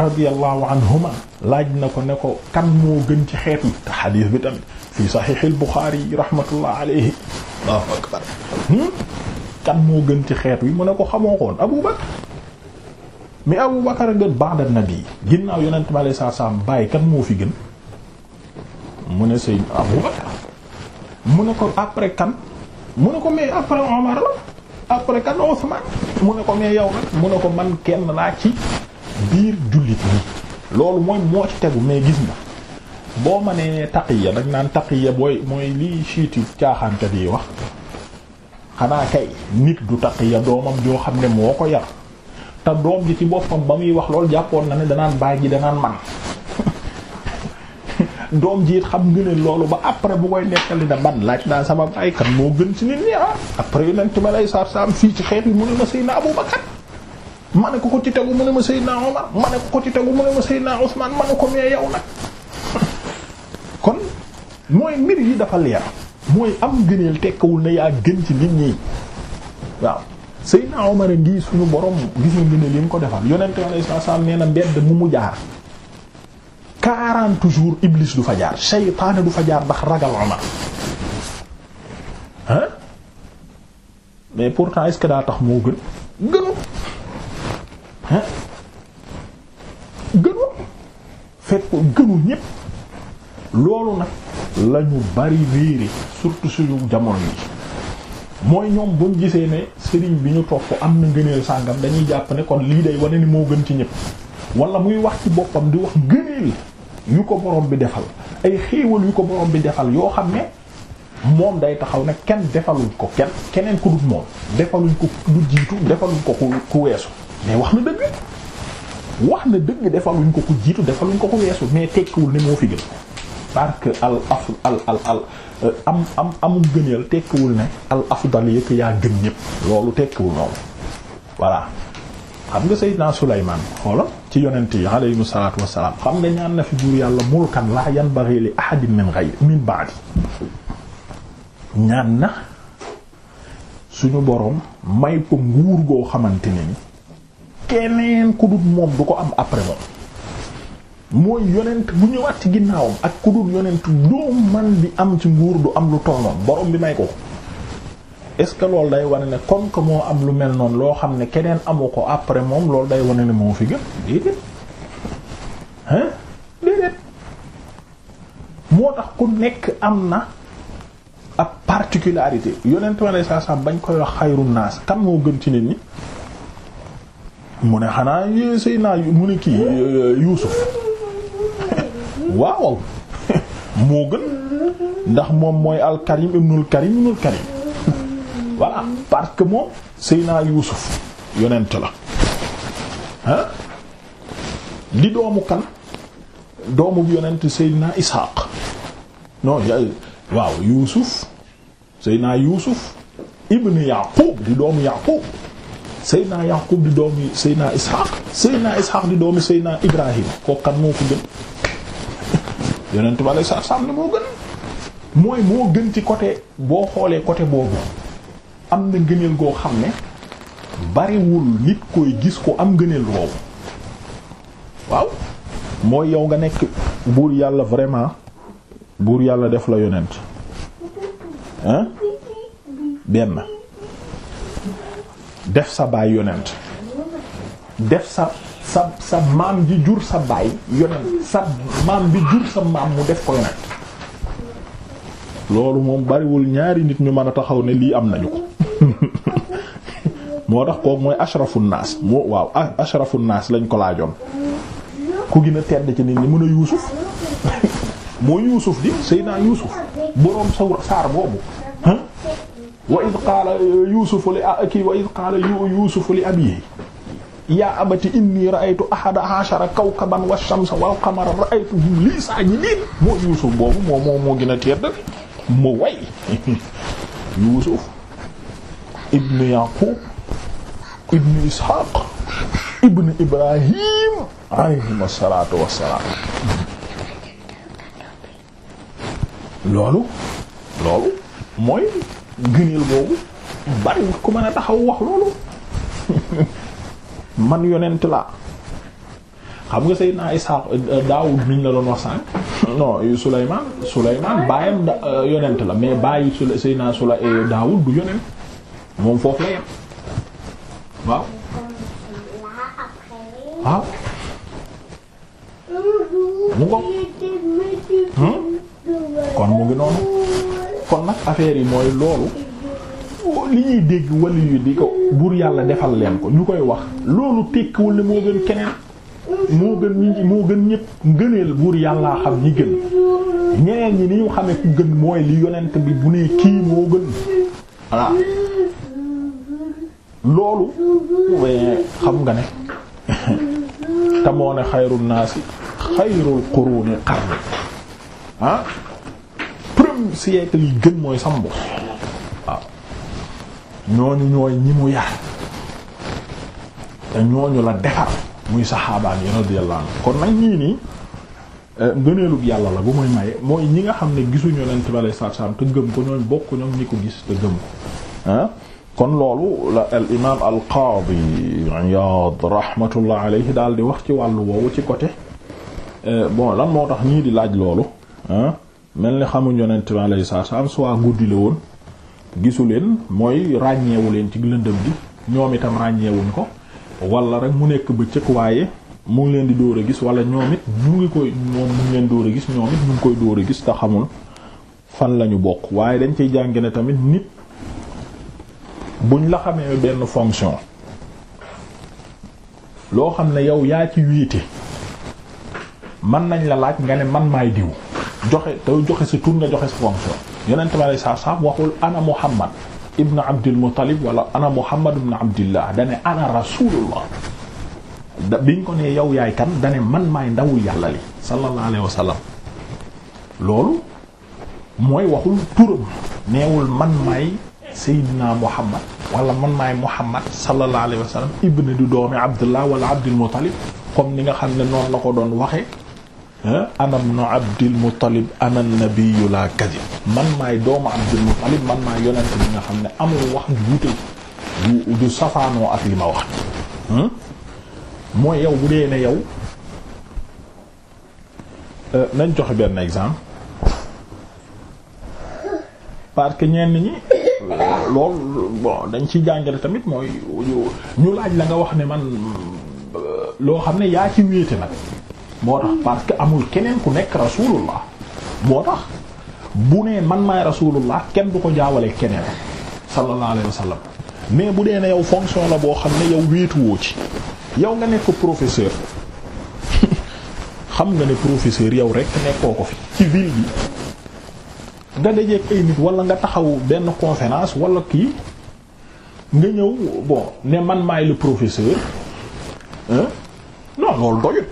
radiyallahu anhuma laaj na ko ne ko kan moo gën ci xeet wi te hadith bi tamit fi sahih al-Bukhari rahmatullah alayhi allahu akbar hmm? kan moo gën ci xeet wi mu ne ko xamoo ko woon Abu Bakr mais Abu Bakar a gën na nabi ginnaaw yonent bi alayhi salaatu salaam bàyyi kan moo fi gën mu ne sëy Abu Bakar mu ne ko après kan mu ne ko mais après Omar la après kan Ousmane mu ne ko mais yow nag mu ne ko man kenn laa ci biir jullit ñi loolu mooy moo ci tegu mais gis nga boo ma nee taqiya dañ naan taqiya booy mooy lii siiti caaxaante di wax xanaa kay nit du taqiya doomam joo xam ne moo ko yar te doom ji ci boppam ba muy wax lool jàppoon na ne danaan baay ji danaan man doom ji it xam nga loolu ba après bu koy nettali na ban laaj naa sama baay kan moo gën ci nit ñi ah après yonent ma lay fii ci xeet yi mu ne ma ne ko ko ci tegu mu ne ma Seydina Omar ma ne ko ko ci tegu mu ne ma Seydina Ousmane ma ne ko mais yow nag kon mooy mbir yi dafa leer mooy am gëneel tekkawul na yaa gën ci nit ñi waaw Seydina Omar ngi suñu borom gisee nga ne li mu ko defal yonent alayhi salaam nee na mbedd mu mu jaar quarante jours Iblis du fa jaar seytaane du fa jaar ndax ragal Omar hein mais pourtant est daa tax moo gën gënu hein gënu fekk ko gënu ñépp loolu na lañu bari réere surtout suñu jamono yi mooy ñoom buñ gisee ne sëriñ bi ñu topp am na ngëneel sàngam dañuy jàpp ne kon lii day wane ni moo gën ci ñëpp wala muy wax ci boppam di wax ngëneel yu ko borom bi defal ay xéewal yu ko borom bi defal yoo xam ne moom day taxaw ne kenn defaluñ ko kenn keneen ku moom defaluñ ko du jiitu defaluñ ko ku weesu mais wax na dëgg wax na dëgg defaluñ ko ku jiitu defaluñ ko ku weesu mais tekkiwul ne moo fi gën parce que al af al al al euh, am am amul gëneel tekkiwul ne al afdal yëpp yaa gën ñëpp loolu tekkiwul loolu voilà xam nga Seydina Sulaymaan xoola ci yonent yi alayhi salaatu wassalaam xam nga ñaan na yàlla mulkan laa yanbaghi li ahadin min ghayri min ba'di ñaan na suñu boroom may ko nguur goo xamante ne keneen ku moom du ko am après moom mooy yonent bu ñëwaat ci ginnaawam ak ku dul yonent doo man di am ci nguur du am lu toll noonu borom bi may ko est-ce que loolu day wane ne comme que am lu mel noonu loo xam ne keneen amu ko après moom loolu day wane ne moo fi gën déedéet déedéet moo tax ku nekk am na ab particularité yonent ma ne saa saa bañ koy wax xayru naas kan moo gën ci nit ñi mu ne xanaa sëy naa mu ne kii Yuusuf waaw moo gën ndax moom mooy al karim ibnul karim ibnul karim voilà parce que moom Seydina Yuusuf yonent la ah di doomu kan doomu bu yonent Seydina Ishaq non waaw Yuusuf Seydina Yuusuf ibn Yaqub di doomu Yaqub Seydina Yaqub di doomu Seydina Ishaq Seydina Ishaq di doomu Seydina Ibrahim kooku kan moo ko gën yonent ba lay sa sam moo gën mooy moo gën ci côté boo xoolee côté boobu am na ngëneel goo xam ne bariwul nit koy gis ko am ngëneel woowu waaw mooy yow nga nekk buur yàlla vraiment buur yàlla def la yonent hein benn def sa baay yonent def sa sa sa maam ji jur sa baay yonent sa maam bi jur sa maam mu def ko yonent loolu moom bariwul ñaari nit ñu mën a taxaw ne lii am nañu ko moo tax kooku mooy ashrafu naas moo waaw ashrafu naas lañ ko laajoon ku gën a tedd ci nit ñi mën a yuusuf mooy yuusuf di seydinaa yuusuf boroom sa saar boobu wa id qaala yuusufu li aki wa yaa abati inni ra'aytu ahada ashara kawkaban wa shamsa wal qamara ra'aytuhum lii saajidin moo yuusuf boobu moo moo moo gën a tedd mu way yuusuf ibnu yaqub ibnu ishaq ibnu ibrahim loolu loolu mooy gëneel boobu bari ku mën a taxaw wax loolu man yonent la xam nga Seydina Ishaq euh, euh, Daawud miñ la doon wax sànq non euh, Souleymane Souleymane ah, baayam yonent la mais baayu Seydina Souley Daawud du yonent moom foofu la waaw waaw mu ngo hmm? kon mu ngi noonu kon nag affaire yi mooy loolu li ñuy dégg wala yu di ko buur yàlla defal leen ko ñu koy wax loolu tekkiwul ne moo gën keneen moo gën ñi moo gën ñëpp ngëneel buur yàlla xam ñi gën ñeneen ñi ni ñu xamee ku gën mooy li yonent bi bu nee kii moo gën voilà loolu waaye xam nga ne te moo ne xayrul naasi xayrul quruni qarni ah premier siècle yi gën mooy sambo ñooñu ñooy ñi mu yar te ñooñu la defar muy saxaabaan yi radiyallahu anhu kon nag ñii nii eh, ngëneelug yàlla la bu muy maye mooy ñi nga xam ne gisuñu yonent bi alayhi salaatu salaam te gëm ko ñooñ bokk ñoom ñi ko gis te gëm ko eh? kon loolu la al imaam al qaadi Iyaad rahmatullah alayhi daal di wax ci wàllu woowu ci côté eh, bon lan moo tax ñii di laaj loolu ah mel ni xamuñ yonent bi alayhi salaatu salaam soit guddi la woon gisu leen mooy ràññeewu leen ci lëndëm gi ñoom itam ràññeewuñ ko wala rek mu nekk bëccëg waaye mu ngi leen di dóor a gis wala ñoom it ñu ngi koy mu ngi leen dóor a gis ñoom koy dóor a gis te xamul fan lañu bokk waaye dañ ciy jànge ne tamit nit buñ la xamee benn fonction loo xam ne yow yaa ci wiite man nañ la laaj nga ne man maay diw joxe te joxe si tur nga joxe sa fonction yonent bi alayhi salaatu salaam waxul ana Muhammad ibn Abdul Muttalib wala ana Muhammad ibn Abdillah dane ana rasulullah da biñ ko ne yow yaay kan dane man maay ndawu yàlla li sallallahu alayhi wa sallam loolu mooy waxul turam neewul man maay Seydina Muhammad walla man maay Muhammad sallallahu alayhi wa sallam ibn du doomi Abdullah wala Abdul Muttalib comme ni nga xam ne noonu la ko doon waxee ana ibnu Abdil Muttalib ana nabiyyu laa kadib man maay doomu Abdil Muttalib man maay yonent bi nga xam ne amul wax ju wuute du safaanoo ak li ma wax hmm? mooy yow bu dee ne yow euh, nañ joxe benn exemple parce que ñenn ñi loolu dañ ciy jàngale tamit mooy ñu laaj la nga wax ne man euh, loo xam ne yaa ci wéete nag moo tax parce que amul keneen ku nekk rasulullah moo tax bu nee man maay rasulullah kenn du ko jaawale keneen sallallahu alayhi wa sallam mais bu dee ne yow fonction la boo xam ne yow wéetuwoo ci yow nga nekk professeur xam nga ne professeur yow rek nekkoo ko fi ci ville bi nga dajeeg ay nit wala nga taxaw benn conférence wala kii nga ñëw bo ne man maay le professeur non loolu doyut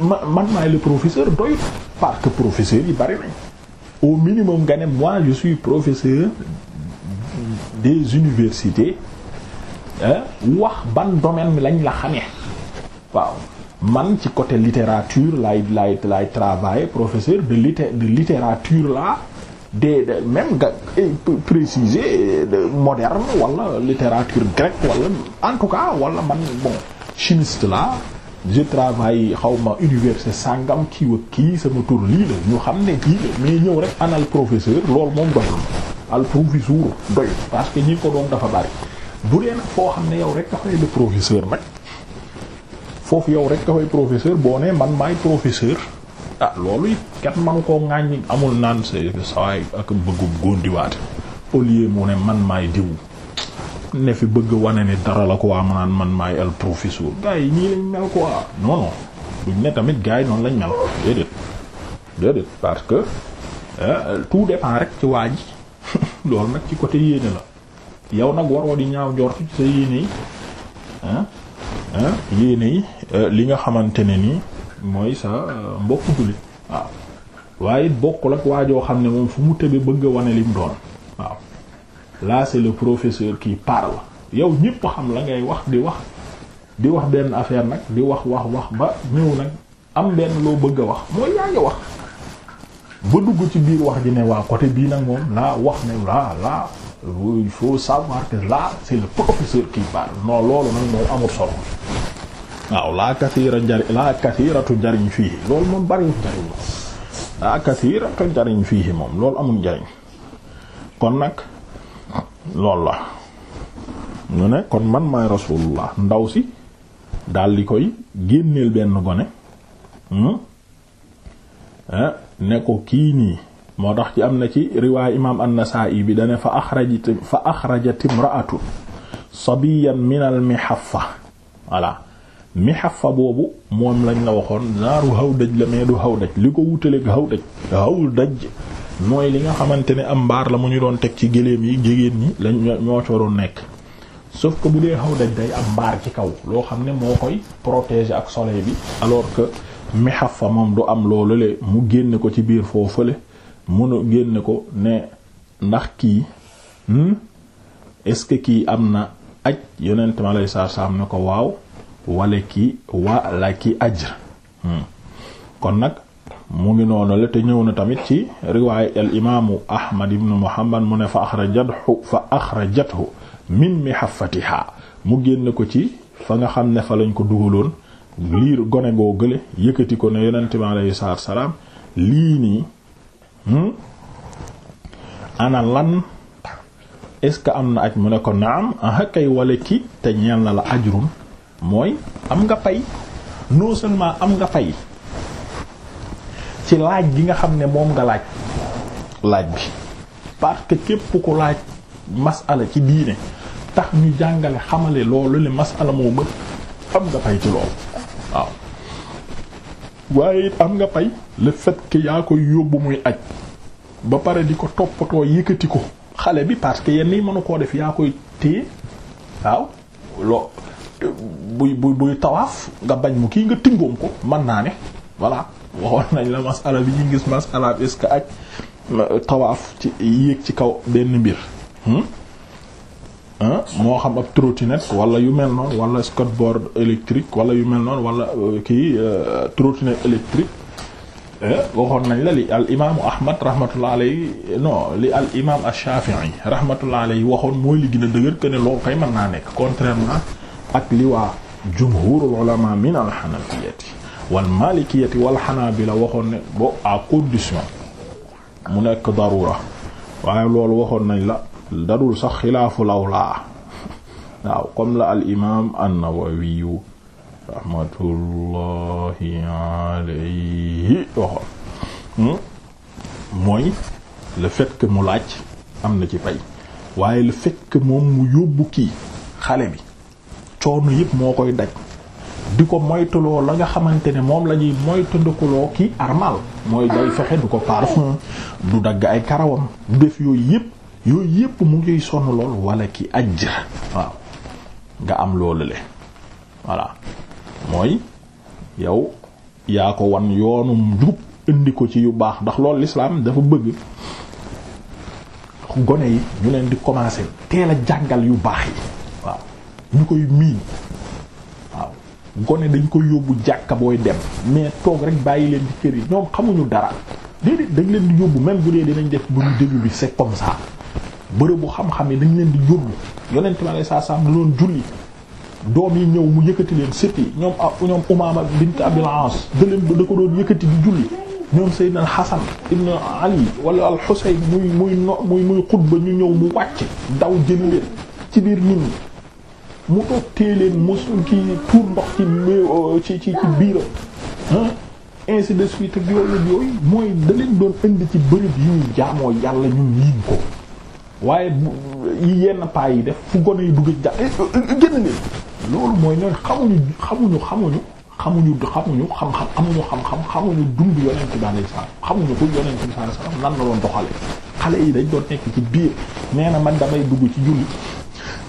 ma man maay le professeur doy parce que professeur yi bari nañ au minimum nga ne moi je suis professeur des universités wax ban domaine bi lañ la xamee waaw man ci côté littérature laay laay laay travailler professeur de litté de littérature là des de même nga eh, préciser eh, moderne wala littérature grecque walla en tout cas wala man chimiste là je travaille xaw ma université sàngam kii ak kii sama tur lii la ñu xam ne kii la mais ñëw rek anal professeur loolu moom doyul al professeur doy parce que ñii ko doon dafa bari bu dee nag foo xam ne yow rek dafay le professeur nag foofu yow rek dafay professeur boo ne man maay professeur ah loolu it kat man koo ŋàññi amul naan sa sawaay ak bëggum góondiwaate au lieu mu ne man maay diw ne fi bëgg wane ni dara la ko waa naan man maay el professeur gars yi ñii lañ mel quoi non non duñ ne tamit gaa yi noonu lañ mel déedéet déedéet parce que euh, tout dépend rek ci waa loolu nag ci côté yéene la yow nag waroo di ñaaw njort ci sa yéene yi ah yéene yi euh, li nga xamante ne nii mooy sa euh, mbokk jullit waaw waaye bokkul ak waajoo xam ne moom fu mu tëbe bëgg a wane lim doon waaw. là c'est le professeur qui parle yow ñépp xam la ngay wax di wax di wax benn affaire nag di wax wax wax ba ñëw nag am benn loo bëgg a wax mooy yaa ngi wax ba dugg ci biir wax ji ne waa côté bii nag moom laa wax ne laa laa il faut savoir que là c'est le professeur qui parle loolu nag moom amul solo waaw laa kasiira njariñ laa kasiiratu njariñ fii loolu moom bariwul njariñ laa kasiiratu njariñ fii moom loolu amul njariñ kon nag lool la mu ne kon man maay rasulullah ndaw si daldi koy génneel benn gone hmm? eh, ne ko kii nii moo tax ci am na ci riwaay imaam an-Nasaa'i bi dane fa axrajat fa axrajat imra'atun sabiyan min al-mihaffa voilà mihaffa boobu moom lañ la waxoon naaru hawdaj la mais du hawdaj li ko wutaleeg hawdaj hawdaj mooy li nga xamante ne am mbaar la mu ñu doon teg ci géléem yi jigéen ñi lañu ñoo ci nekk sauf ko bu dee xaw daj day am mbaar ci kaw loo xam ne moo koy protégé ak soleil bi alors que mexaf fa moom du am loolu le mu génne ko ci biir foofu fële munu génne ko ne ndax kii hmm, est-ce que kii am na aj yonent ma lay saar saam ne ko waaw wala kii wala ki ajr hmm. kon nag mu ngi noonu la te ñëw na tamit ci riwaay al imaamu ahmad ibn muhammad mu ne fa axrajathu fa axrajathu min mihaffatiha mu génn ko ci fa nga xam ne fa lañ ko dugaloon liir gone goo gële yëkkati ko ne yonent bi alayhi salaatu salaam lii nii hmm? ana lan est ce que am na aj mu ne ko naam aha kay ki te ñeel na la ajrun mooy am nga pay non seulement am nga pay ci laaj gi nga xam ne moom nga laaj laaj bi parce que képp ku laaj masala ci diine tax ñu jàngale xamale loolu le masala moo mën am nga pay ci loolu waaw waaye am nga pay le fait yaa koy yóbbu muy aj ba pare di ko toppatoo yëkkati xale bi parce que yenn yi mënu koo def yaa koy téye waaw loo buy buy buy tawaaf nga bañ mu kii nga tingoom ko man naa ne voilà waxoon nañ la masala bi ñu gis masala bi est-ce que ak tawaaf ci yéeg ci kaw benn mbir hmm? moo xam ab trottinette wala yu mel noonu wala skateboard électrique wala yu mel noonu wala euh, kii euh, trottinette électrique waxoon nañ la li al imaamu Ahmad rahmatullah alayhi non li al imaam ash-Shafi'i rahmatullah alayhi waxoon mooy li gën a dëgër que ne loolu kay mën naa nekk contrairement ak li waa jumhurul ulama min al hanafiyyati wal malikiyati wal xanaabila waxoon ne bo à condition mu nekk darura waaye loolu waxoon nañ la darul sax xilaafu lawlaa waaw comme la al imaam an-Nawawi waxoon hmm? mooy le fait mu laaj am na ci pay waaye le fait moom mu yóbbu kii xale bi coono yëpp moo koy daj di ko moytuloo la nga xamante ne moom lañuy ñuy moytandikuloo ki armal mooy day fexe du ko parfum du dagg ay karawam du def yooyu yépp yooyu yépp mu ngi sonn lool wala ki ajr waaw nga am loolu le voilà mooy yow yaa ko wan yoonu jub indi ko ci yu baax ndax loolu lislaam dafa bëgg gone yi ñu leen di commencer teel a jàggal yu baax yi waaw ñu koy miin gone dañ ko yóbbu jàkka booy dem mais toog rek bàyyi leen ci kër yi ñoom xamuñu dara déedéet dañ leen di yóbbu même bu dee dinañ def bu ñu début bi c'est comme ça bërëb bu xam-xam yi dañ leen di yóbbu yonent bi alayhi salaam du doon julli doom yi ñëw mu yëkkati leen sët yi ñoom ñoom Umaama bint Abdul Aas da leen da ko doon yëkkati di julli ñoom Seydina Hasan ibn Ali wala al Husayn muy muy no muy muy xutba ñu ñëw mu wàcc daw jëli leen ci biir nit ñi mu toog téeléen kii tuur ndox ci euh, ci ci ci biiram ainsi de suite ak yooyu yooyu mooy da doon indi ci bërëb yuy jaamoo yàlla ñu miin ko waaye yi yenn paa yi def fu gone yi dugg ja eh, eh, eh, génn leen loolu mooy ñooy xamuñu xamuñu xamuñu xamuñu xamuñu xam-xam amuñu xam-xam xamuñu dund yonent bi alayhi salaam xamuñu ko yonent bi sallallahu alayhi nan la doon doxale xale yi dañ doon nekk ci biir nee na man damay dugg ci julli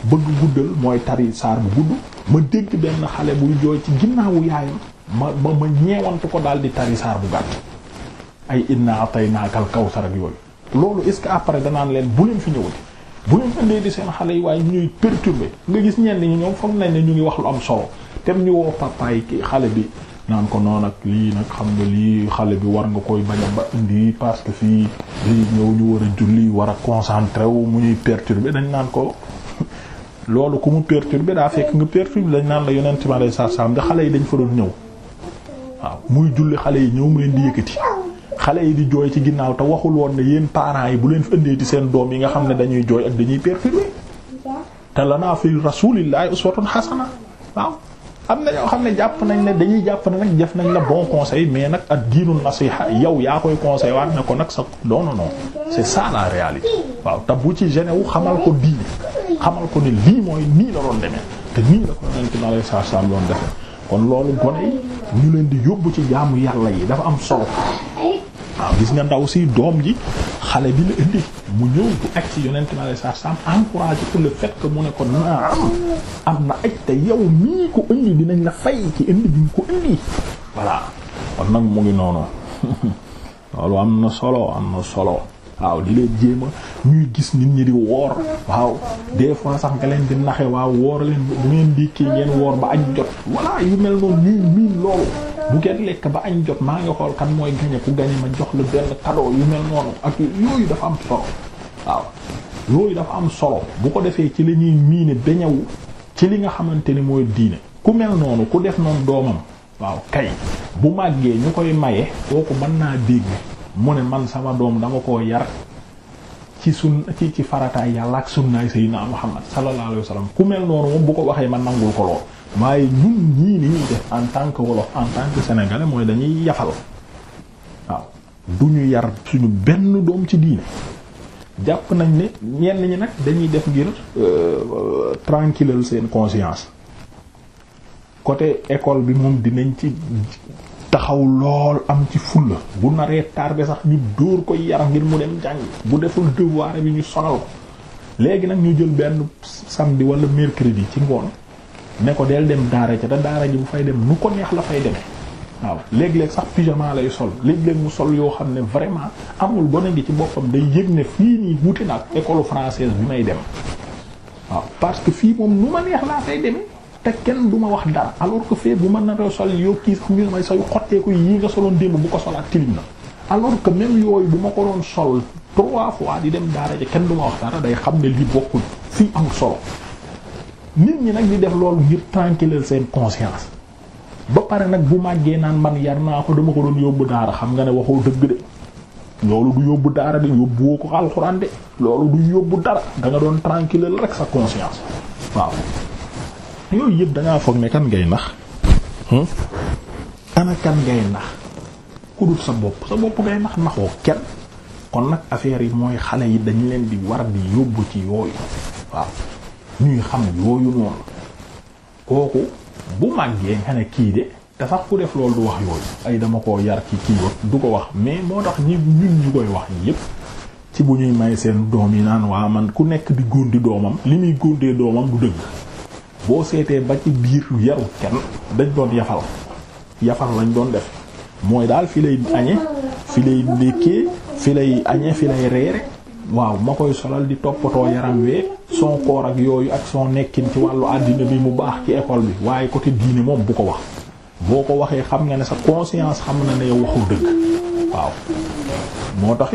bëgg guddal mooy tari saar bu gudd ma dégg benn xale buy jooy ci ginnaawu yaayam ma ma ma ñeewantu ko daal di tari saar bu gàtt ay inna ataynaaka al kawsar ak yooyu loolu est-ce que après danaan leen bu leen fi ñëwati bu leen andee di xale yi waaye ñuy perturber nga gis ñenn ñi ñoom foog nañ ne ñu ngi wax lu am solo te ñu woo papa yi xale bi naan ko noon ak lii nag xam nga lii xale bi war nga koy bañ a ba indi parce que fii lii ñëw ñu war a julli war a concentré wu mu ñuy perturber dañ naan ko loolu ku mu bi daa fekk nga perturbé dañ naan la yonent mi alayhi salaam nga xale yi dañ fa doon ñëw waaw muy julli xale yi ñëw mu leen di yëkkati xale yi di jooy ci ginnaaw te waxul woon ne yéen parents yi bu leen fi ëndeeti seen doom yi nga xam ne dañuy jooy ak dañuy perturbé te naa fi rasuulillaahi uswatun hasana waaw am na ñoo xam ne jàpp nañ ne dañuy jàpp ne nag def nañ la bon conseil mais nag ak diinu nasiha yow yaa koy conseil waat ne nag sa non non non c'est ça la réalité waaw ko xamal ko ne lii mooy nii la doon demee te nii la ko yonent bi alayhi salaatu doon defee kon loolu gone yi ñu leen di yóbbu ci jaamu yàlla yi dafa am solo waaw gis nga ndaw si doom ji xale bi la indi mu ñëw bu aj si yonent bi alayhi salaatu salaam encouragé ko le fait que mu ne ko naam am na aj te yow mii ko indi dinañ la fay ci indi bi nga ko indi voilà kon nag mu ngi noonu loolu am na solo am na solo waaw di leen jéema ñuy gis nit ñi di woor waaw des fois sax nga leen di naxe waaw woor leen bu ngeen dikkee ngeen woor ba añ jot voilà yu mel noonu ñuy miin loolu bu ngeen lekk ba añ jot maa ngi xool kan mooy gañe ku gañe ma jox la benn cadeau yu mel noonu ak yooyu dafa am solo waaw yooyu dafa am solo bu ko defee ci la ñuy miine beñewu ci li nga xamante ni mooy diine ku mel noonu ku def noonu doomam waaw kay bu màggee ñu koy maye kooku mën naa dégg mu ne man sama doom dama ko yar ci sun ci ci farataay yàlla ak sunnaay sayyidina Muhammad sallallahu alayhi wa sallam ku mel noonu moom bu ko waxee ma nangul ko lool waaye ñun ñii li ñuy def en tant que wolof en tant que sénégalais mooy dañuy yafal waaw du ñu yar suñu benn doom ci diine jàpp nañ ne ñenn ñi nag dañuy def ngir euh, tranquillal seen conscience côté école bi moom dinañ ci taxaw lool am ci fulla bu naree bi sax ñu dóor ko yaram ngir mu dem jàng bu deful devoir bi ñu sonal ko léegi nag ñu jël benn samedi wala mercredi ci ngoon ne ko del dem daara ca te daara ji bu fay dem nu ko neex la fay demee waaw léeg-léeg sax pyjama lay sol léeg-léeg mu sol yoo xam ne vraiment amul gone gi ci boppam day yëg ne fii nii wuute na ak école bi may dem waaw parce que fii moom nu ma neex laa fay demee te kenn du ma wax dara alors que fee bu mën na sol yow kii sax ñu may sa xotteeku yi nga soloon démb bu ko solaat tilim na alors que même yooyu bu ma ko doon sol trois fois di dem daara ja kenn duma wax dara day xam ne li bokkul fii am solo nit ñi nag di def loolu ngir tranquilliser seen conscience ba pare nag bu màggee naan man yar naa ko dama ko doon yóbbu daara xam nga ne waxoo dëgg de loolu du yóbbu daara de yóbbu woo ko alxuraan de loolu du yóbbu dara da nga doon tranquille rek sa conscience waaw yooyu yëpp dangaa foog ne kan ngay nax hmm? ana kan ngay nax ku dul sa bopp sa bopp ngay nax naxoo kenn kon nag affaire yi mooy xale yi dañu leen di war di yóbbu ci yooyu waaw ñuy xam yooyu noonu kooku bu màggee nga ne kii de te sax ku def loolu du wax yooyu ay dama koo yar ci kii du ko wax mais moo tax ñi ñun ñu koy wax yépp ci bu ñuy may seen doom yi naan waa man ku nekk di di doomam li muy góondee doomam du dëgg boo seetee ba ci biir yaru kenn dañ doon yafal yafal lañ doon def mooy daal fi lay añe fi lay ndékkee fi lay añe fi lay reere waaw ma koy solal di toppatoo yaram wee son koor ak yooyu ak son nekkin ci wàllu àddina bi mu baax ci école bi waaye côté diine moom bu ko wax boo ko waxee xam nga ne sa conscience xam na ne yow waxul dëgg waaw moo tax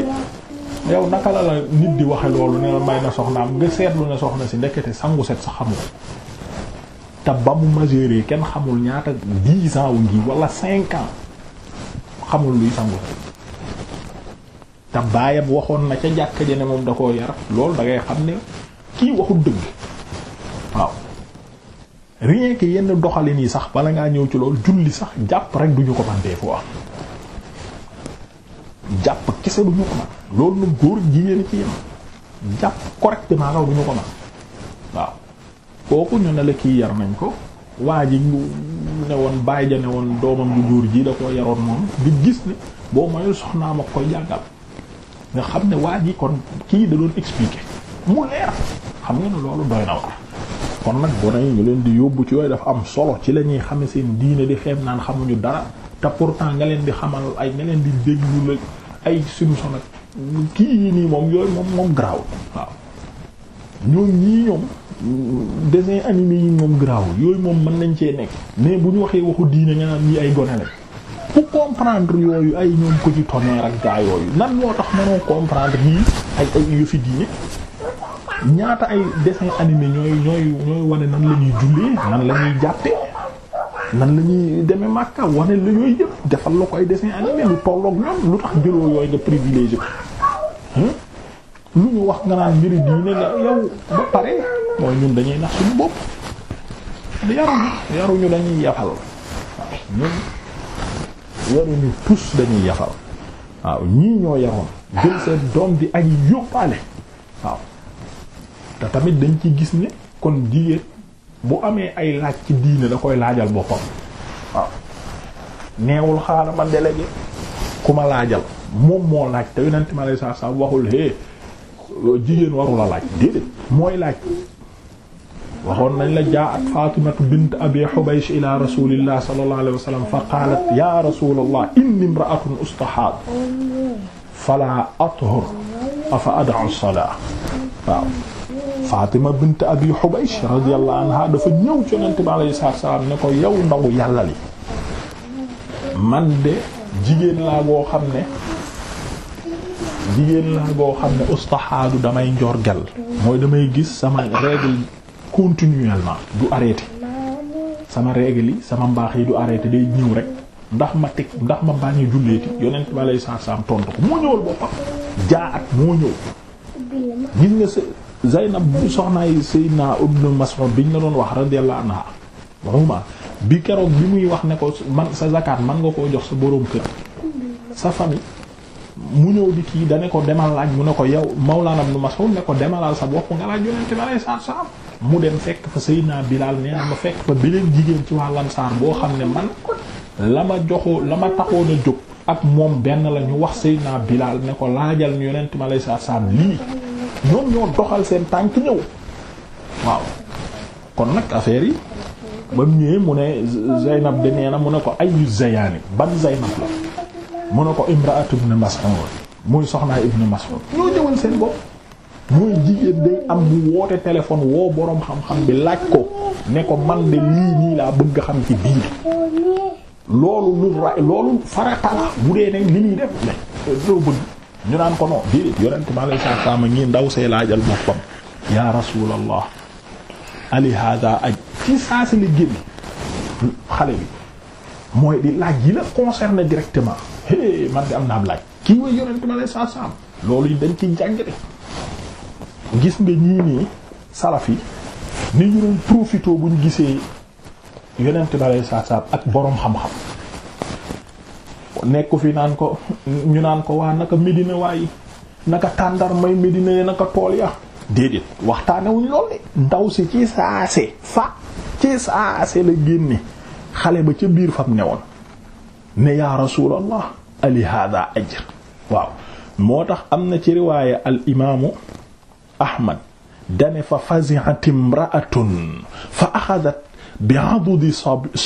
yow naka la la nit di waxe loolu ne la may na soxnaam nga seetlu ne soxna si ndekete sangu set sa xamu te ba mu majeure kenn xamul ñaata dix ans wu ngi wala cinq ans xamul luy sangu te baayam waxoon na ca jàkka ja moom da koo yar lool da ngay xam ne kii waxul dëgg waaw rien yenn doxalin yi sax bala ngaa ñëw ci loolu julli sax jàpp rek duñu ko man loolu nag góor jigéen ci yem jàpp correctement raw duñu ko man kooku ñu ne la kii yar nañ ko waa ji ne woon bàyyi ja ne woon doomam ju jur ji da ko yaroon moom bi gis ni boo mayul soxnaa ma koy jàngal nga xam ne waa ji kon kii da doon expliquer mu leer xam nga ne loolu doy na war kon nag gone yi ñu leen di yóbbu ci yooyu dafa am solo ci la ñuy xame seen diine di xeem naan xamuñu dara te pourtant nga leen bi xamal ay nga leen di déglu la ay Simpson ak kii yi nii moom yooyu moom moom garaaw waaw ñoom ñii ñoom dessin animé yi moom garaawul yooyu moom mën nañ cee nekk mais bu ñu waxee waxu diine nga naan ay gone lañ ku comprendre yooyu ay ñoom ko ci tonnerre ak gaa yooyu nan moo tax mënoo comprendre ñii ay ay yëfi diine ñaata ay dessin animé ñooy ñooy ñooy wane nan la ñuy jullee nan la ñuy jàppe nan la ñuy demee Makka wane la yooyu defal la ko ay dessin animé lu tolloog ñoom lu tax jëloo yooyu nga privilégié ko lu ñu wax nga naan mbiri diine nga yow ba pare mooy ñun dañuy nax suñu bopp yaruñu yaruñu dañuy yafal waaw ñun yaruñu tous dañuy yafal waaw ñii ñoo yaroon jël seen doom di ak yóbbaale waaw te tamit dañ ci gis ne kon jigéen bu amee ay laaj ci diine da koy laajal boppam waaw neewul xaaral ma délégué ku ma laajal moom moo laaj te yonent ma lay saa saa waxul hé jigéen waru la laaj déedéet mooy laaj waxoon nañ la jaat fatimatu bint abi hubaysh ila rasulillah sallallahu alayhi wa sallam fa qaalat ya rasulallah inni imra'atun ustahaad fala athur afa ad'u as-salaa waaw fatima bint abi hubaysh radiyallahu anha dafa ñëw ci yonent bi alayhi salaam ne ko yow ndaw yàlla li man de jigéen laa boo xam ne jigéen laa boo xam ne ustahaadu damay njorgel mooy damay gis sama règle continuellement du arrêté sama règle yi sama mbaax yi du arrêté day ñëw rek ndax ma teg ndax ma bañ a julleeti yonent bi alayhi salaam tontu ko moo ñëwal boppam jaa at moo ñëw gis nga sa Zaynab bu soxnaay Seydina Ibnu Mas'ud biñ la doon wax radiyallahu anha waxuma bi keroog bi muy wax ne ko man sa zakat man nga koo jox sa boroom kër sa famille mu ñëw di kii dane ko demal laaj mu ne ko yow Mawlana Ibn Mas'ud ne ko demalal sa bopp nga laaj yonente bi alei saatu salaam mu dem fekk fa Seydina Bilal nee na ma fekk fa beneen jigéen ci waa Ansaar boo xam ne man la ma joxoo la ma taxoon ak moom benn la ñu wax Seydina Bilal ne ko laajal ñu yonente bi alei saatu salaam lii ñoom ñoo doxal seen tànk ñëw waaw kon nag affaire yi ba mu ñëwee mu ne Zeynab de nee na mu ne ko ayu Zeyani ban Zeynab la mu ne ko imraatu ibn Mas'ud muy soxnaa ibn Mas'ud ñoo jëwal seen bopp mooy jigéen day am bu woote téléphone woo boroom xam-xam bi laaj ko ne ko man de lii nii laa bëgg xam ci diine loolu lu ra loolu farata bu dee ne li ñuy def loo bëgg ñu naan ko non déedéet yonent ma saama ñii ndaw see laajal boppam ya rasulallah ali hada aj ci saa si la génn xale bi mooy di laaj yi la concerné directement hé man de am naa laaj kii way yonentu ma lay saa saam loolu dañ ciy jàngate gis nga ñii nii salaf ni ñu doon profité bu ñu gisee yonentu ma lay saa saam ak boroom xam-xam nekku fi naan ko ñu naan ko waa naka Medina waayi naka tàndar may Medina ya naka tool ya déedéet waxtaanewuñ lool de ndaw si ci saase fa ci saase la génne xale ba ca biir fam newoon ne yaa rasuulallah ali hada ajr waaw moo tax am na ci riwaaya al imaamu ahmad dane fa fazi'at imra'atun fa axadat bi adudi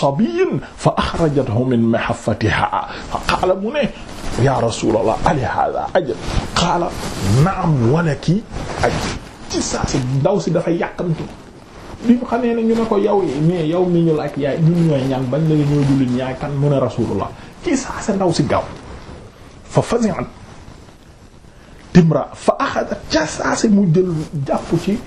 sabiyyin fa axrajathu min mihaffatiha fa qaala mu ne yaa rasuulallah ali hada ajr qaala na'am walaki ajr ci saa si ndaw si dafa yàqantu bi mu xamee ne ñu ne ko yow yi yow mi ñu laaj yaay ñun ñooy ñan bañ la ñoo jullit yaay kan mu ne rasulullah ci saa sa ndaw si gaaw fa fazi'at timra fa axadat ca saa mu jël jàppu ci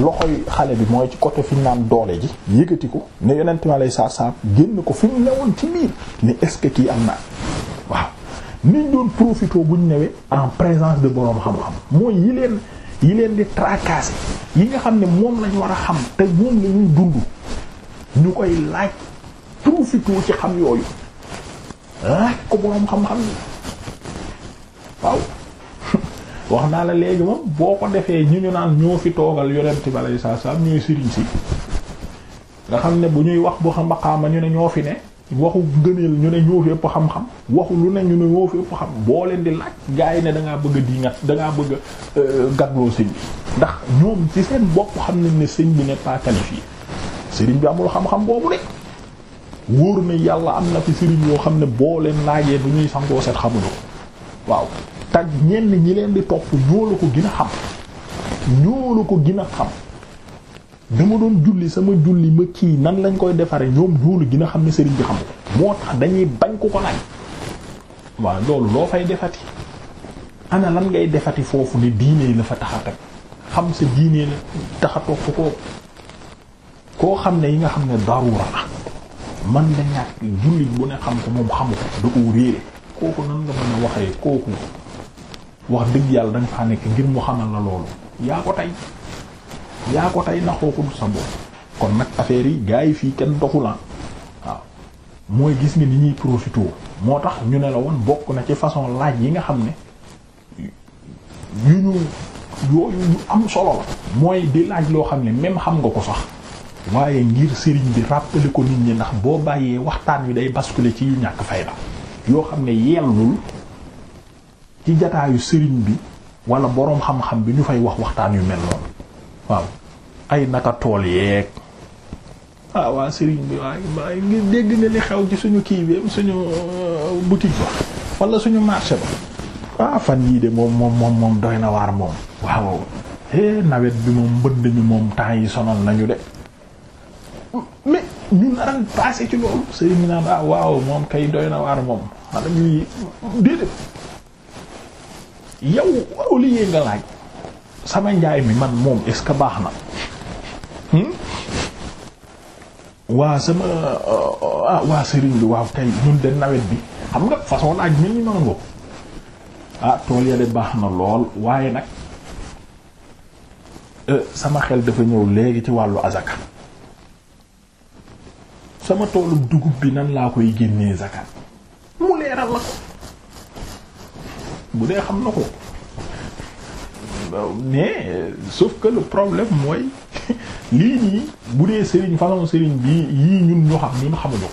loxoy xale bi mooy ci côté fi ñu naan doole ji yëkkati ko ne yonent ma lay saa saa génn ko fi mu newoon ci biir ne est-ce que kii am naa waaw niñ doon profité buñ newee en présence de boroom xam-xam mooy yi leen yi leen di tracasser yi nga xam ne moom lañ war a xam te moom la ñuy dund ñu koy laaj profité ci xam yooyu laaj ko boroom xam-xam yi waaw wax naa la léegi moom boo ko defee ñu ñu naan ñoo fi toogal yonent bi alayhi salaam ñooy sëriñ si nga xam ne bu ñuy wax bu xam maqaama ñu ne ñoo fi ne waxu gëneel ñu ne ñoo fi ëpp xam-xam waxu lu ne ñu ne ñoo fi xam boo leen di laaj gaa yi ne da ngaa bëgg dii di dangaa bëgg a euh, gagloo sëñ bi ndax ñoom ci seen bopp xam nañ ne sëñ bi n'est pas fii sëriñ bi amul xam-xam boobu de wóor na yàlla am na fi sëriñ yoo xam ne boo leen laajee du ñuy sangoo seet xamuñu ko waaw tag ñenn ñi leen di topp ñoo ko gën xam ñoo la ko gën xam dama doon julli sama julli ma kii nan lañ koy defaree ñoom loolu gën xam ne sëriñ bi xam ko moo tax dañuy bañ ku ko laaj waaw loolu loo lan ngay defati foofu ne diine la fa tax a teg xam sa diine la tax a toog koo xam ne yi nga xam ne darura la man da ñàkk jullit xam ko moom xamu kooku nan waxee kooku wax dëgg yàlla da fa nekk ngir mu xamal la loolu yaa ko tey yaa ko tey naxoo ko sa bopp kon nag affaire yi gars yi fii kenn doxulan waaw mooy gis nga ni ñuy profité moo tax ñu ne la woon bokk na ci façon laaj yi nga xam ne yu ñu yooyu yu am solo la mooy di laaj loo xam ne même xam nga ko sax waaye ngir sëriñ bi rappeler ko nit ñi ndax boo bàyyee waxtaan wi day baskule ci yu ñàkk fayda yoo xam ne yellul ci jataayu sëriñ bi wala boroom xam-xam bi ñu fay wax waxtaan yu mel noonu waaw ay naka tool yeeg ah waa sëriñ bi waaye maa ngi dégg nga li xew ci suñu kii bi suñu euh, boutique ba wala suñu marché ba ah fan yii de moom moom moom doy na waar moom waaw eh, nawet bi moom mbënd yi sonal nañu de mais ñu ah, kay doy na waar moom xanaa ñuy nga laaj sama njaay mi man moom est-ce que baax na hmm? waa sama uh, ah waa sëriñ bi waaw kay ñun de nawet bi xam nga façon laaj mel ni noonu ko ah tool ya baax na lool waaye nag eh, sama xel dafa ñëw léegi ci wàllu azaka sama toolu dugub bi nan laa koy génnee zakat mu leeral la ko bu dee xam na ko mais euh, sauf que le problème mooy lii nii bu dee sëriñ façon sëriñ bi yii ñun ñu xam ñun xamuñu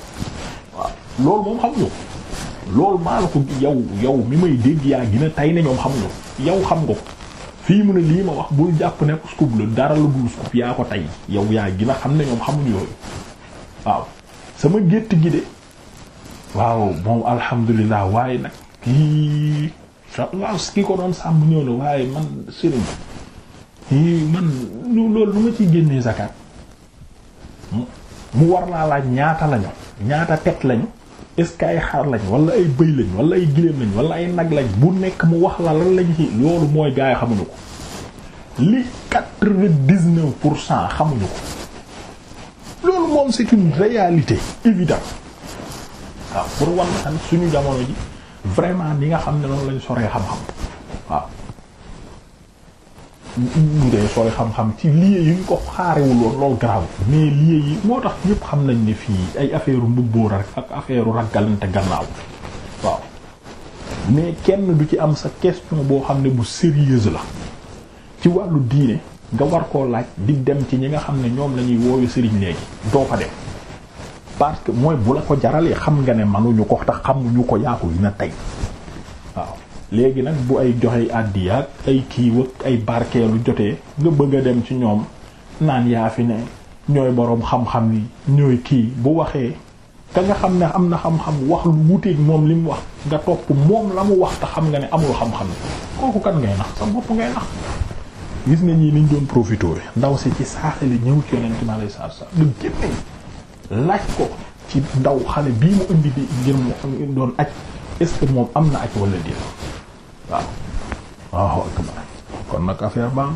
ko waaw loolu moom xamuñu ko loolu maa la ko yow yow mi may dégg yaa gina tay na ñoom xamuñu ko yow xam nga ko fii mu ne lii ma wax bul jàpp ne scoop la dara la bul scoop yaa ko tey yow yaa gina xam ne ñoom xamuñu yooyu waaw sama gétt gi de waaw moom alhamdulilah waaye nag kii waaw ki ko doon sàmm ñëw waaye man sëriñ man loolu lu ma ciy génnee zakat mu war laa laaj ñaata lañu ñaata tet lañu est ce que ay xar lañ wala ay bëy lañ wala ay giléem lañ wala ay nag lañ bu nekk mu wax la lan lañ ci loolu mooy gaa yi xamuñu ko li quatre-vingt-dix-neuf pour cent xamuñu ko loolu moom c'est une réalité évidente waaw pour wan xam suñu jamono ji vraiment ni nga xam ne noonu lañu soree xam-xam waaw ñu dee sori xam-xam ci lieu yi ñu ko xaarewul woon loolu garaaw mais lieu yi moo tax ñëpp xam nañ ne fii ay affaire mbubboo rek ak affaire raggalante gannaaw waaw mais kenn du ci am sa question boo xam ne bu sérieuse la ci wàllu diine nga war koo laaj di dem ci ñi nga xam ne ñoom la ñuy wooyu sëriñ léegi doo fa dem parce que mooy bu la ko jaralee xam nga ne manuñu ko tax xamuñu ko yaa ko na tey waaw léegi nag bu ay joxe àddiyaat ay kiiwa ay barkeelu jotee nga bëgg a dem ci ñoom naan yaa fi ne ñooy boroom xam-xam ni ñooy kii bu waxee ka nga xam ne am na xam-xam wax lu wuteeg moom li mu wax nga topp moom la mu wax te xam nga ne amul xam-xam kooku kan ngay nax sa bopp ngay nax gis nga ñii niñ doon profité ndaw si ci saaxali ñëw ci yonent mi alayhi salaatu wa salaam laaj ko ci ndaw xale bii mu indi bi ngir mu doon aj est moom am na aj wala déet waaw waaw akbar kon nag affaire baa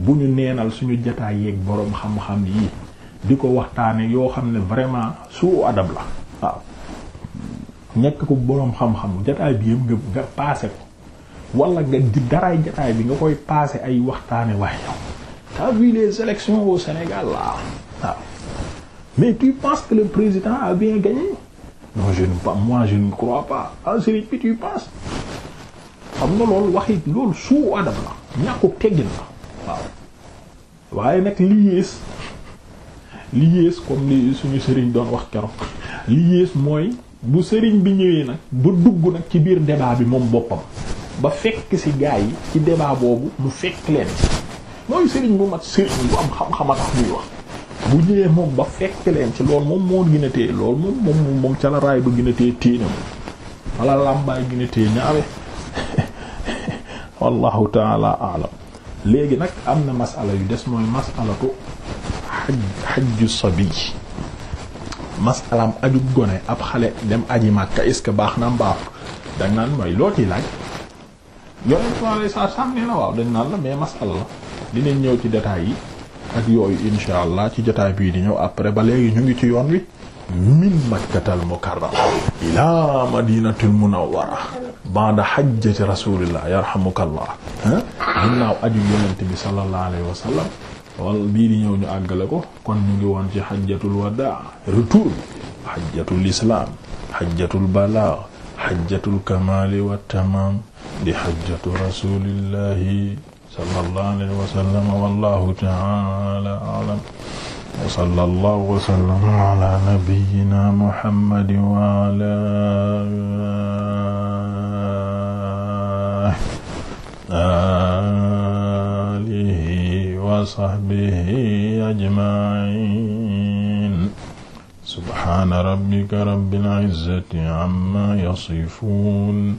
bu ñu neenal suñu jataay yeeg boroom xam-xam yi di ko waxtaane yoo xam ne vraiment su adab la waaw nekk ko boroom xam-xam jataay bi yëpp nga paase ko wala nga di daraay jataay bi nga koy paase ay waxtaane waaye yow t'as vu les élections Sénégal là mais tu penses que le président a bien gagné non je ne pas pas en série bi xam nga loolu waxi loolu suu adab la ñàkku nag li li yées comme li suñu doon wax keroog li yées mooy bu sëriñ bi ñëwee nag bu dugg nag ci biir débat bi moom boppam ba fekk ci gaa yi ci débat boobu mu fekk leen mooy sëriñ bu mat sëriñ bu am xam-xam a tax muy wax bu ñëwee moom ba fekk leen ci loolu moom moo gën a téye loolu moom moom moom ca la raay ba gën a téye làmbaay gën ñaawe wallahu taala alam léegi nag am na masala yu des mooy masalatu xaj xajju sabi masalaam aju gone ab xale dem aji màkka est-ce baax na mbaax dañ naan mooy loo ciy laaj yonent sallallahu alayhi wasallam nee na waaw dañ naan la mais masala la dinañ ñëw ci détails yi ak yooyu insha allah ci jotaay bii di ñëw après ba léegi ñu ngi ci yoon wi min makkatal mukarram ila madinatul munawwara ba'da hajjati rasulillah yarhamukallah ginnaaw aju yonent bi sallallahu alayhi wa sallam bii di ñëw ñu àggale ko kon ñu ngi woon ci hajjatul wadaa retour hajjatul islam hajjatul balagh hajjatul kamali di hajjatu rasulillahi sallallahu alayhi wa sallam wallahu ta'ala a'lam wa sallallahu wa sallama ala nabiyyina muhammadin wa ala alihi wa sahbihi ajma'in subhana rabbika rabbil izzati amma yasifun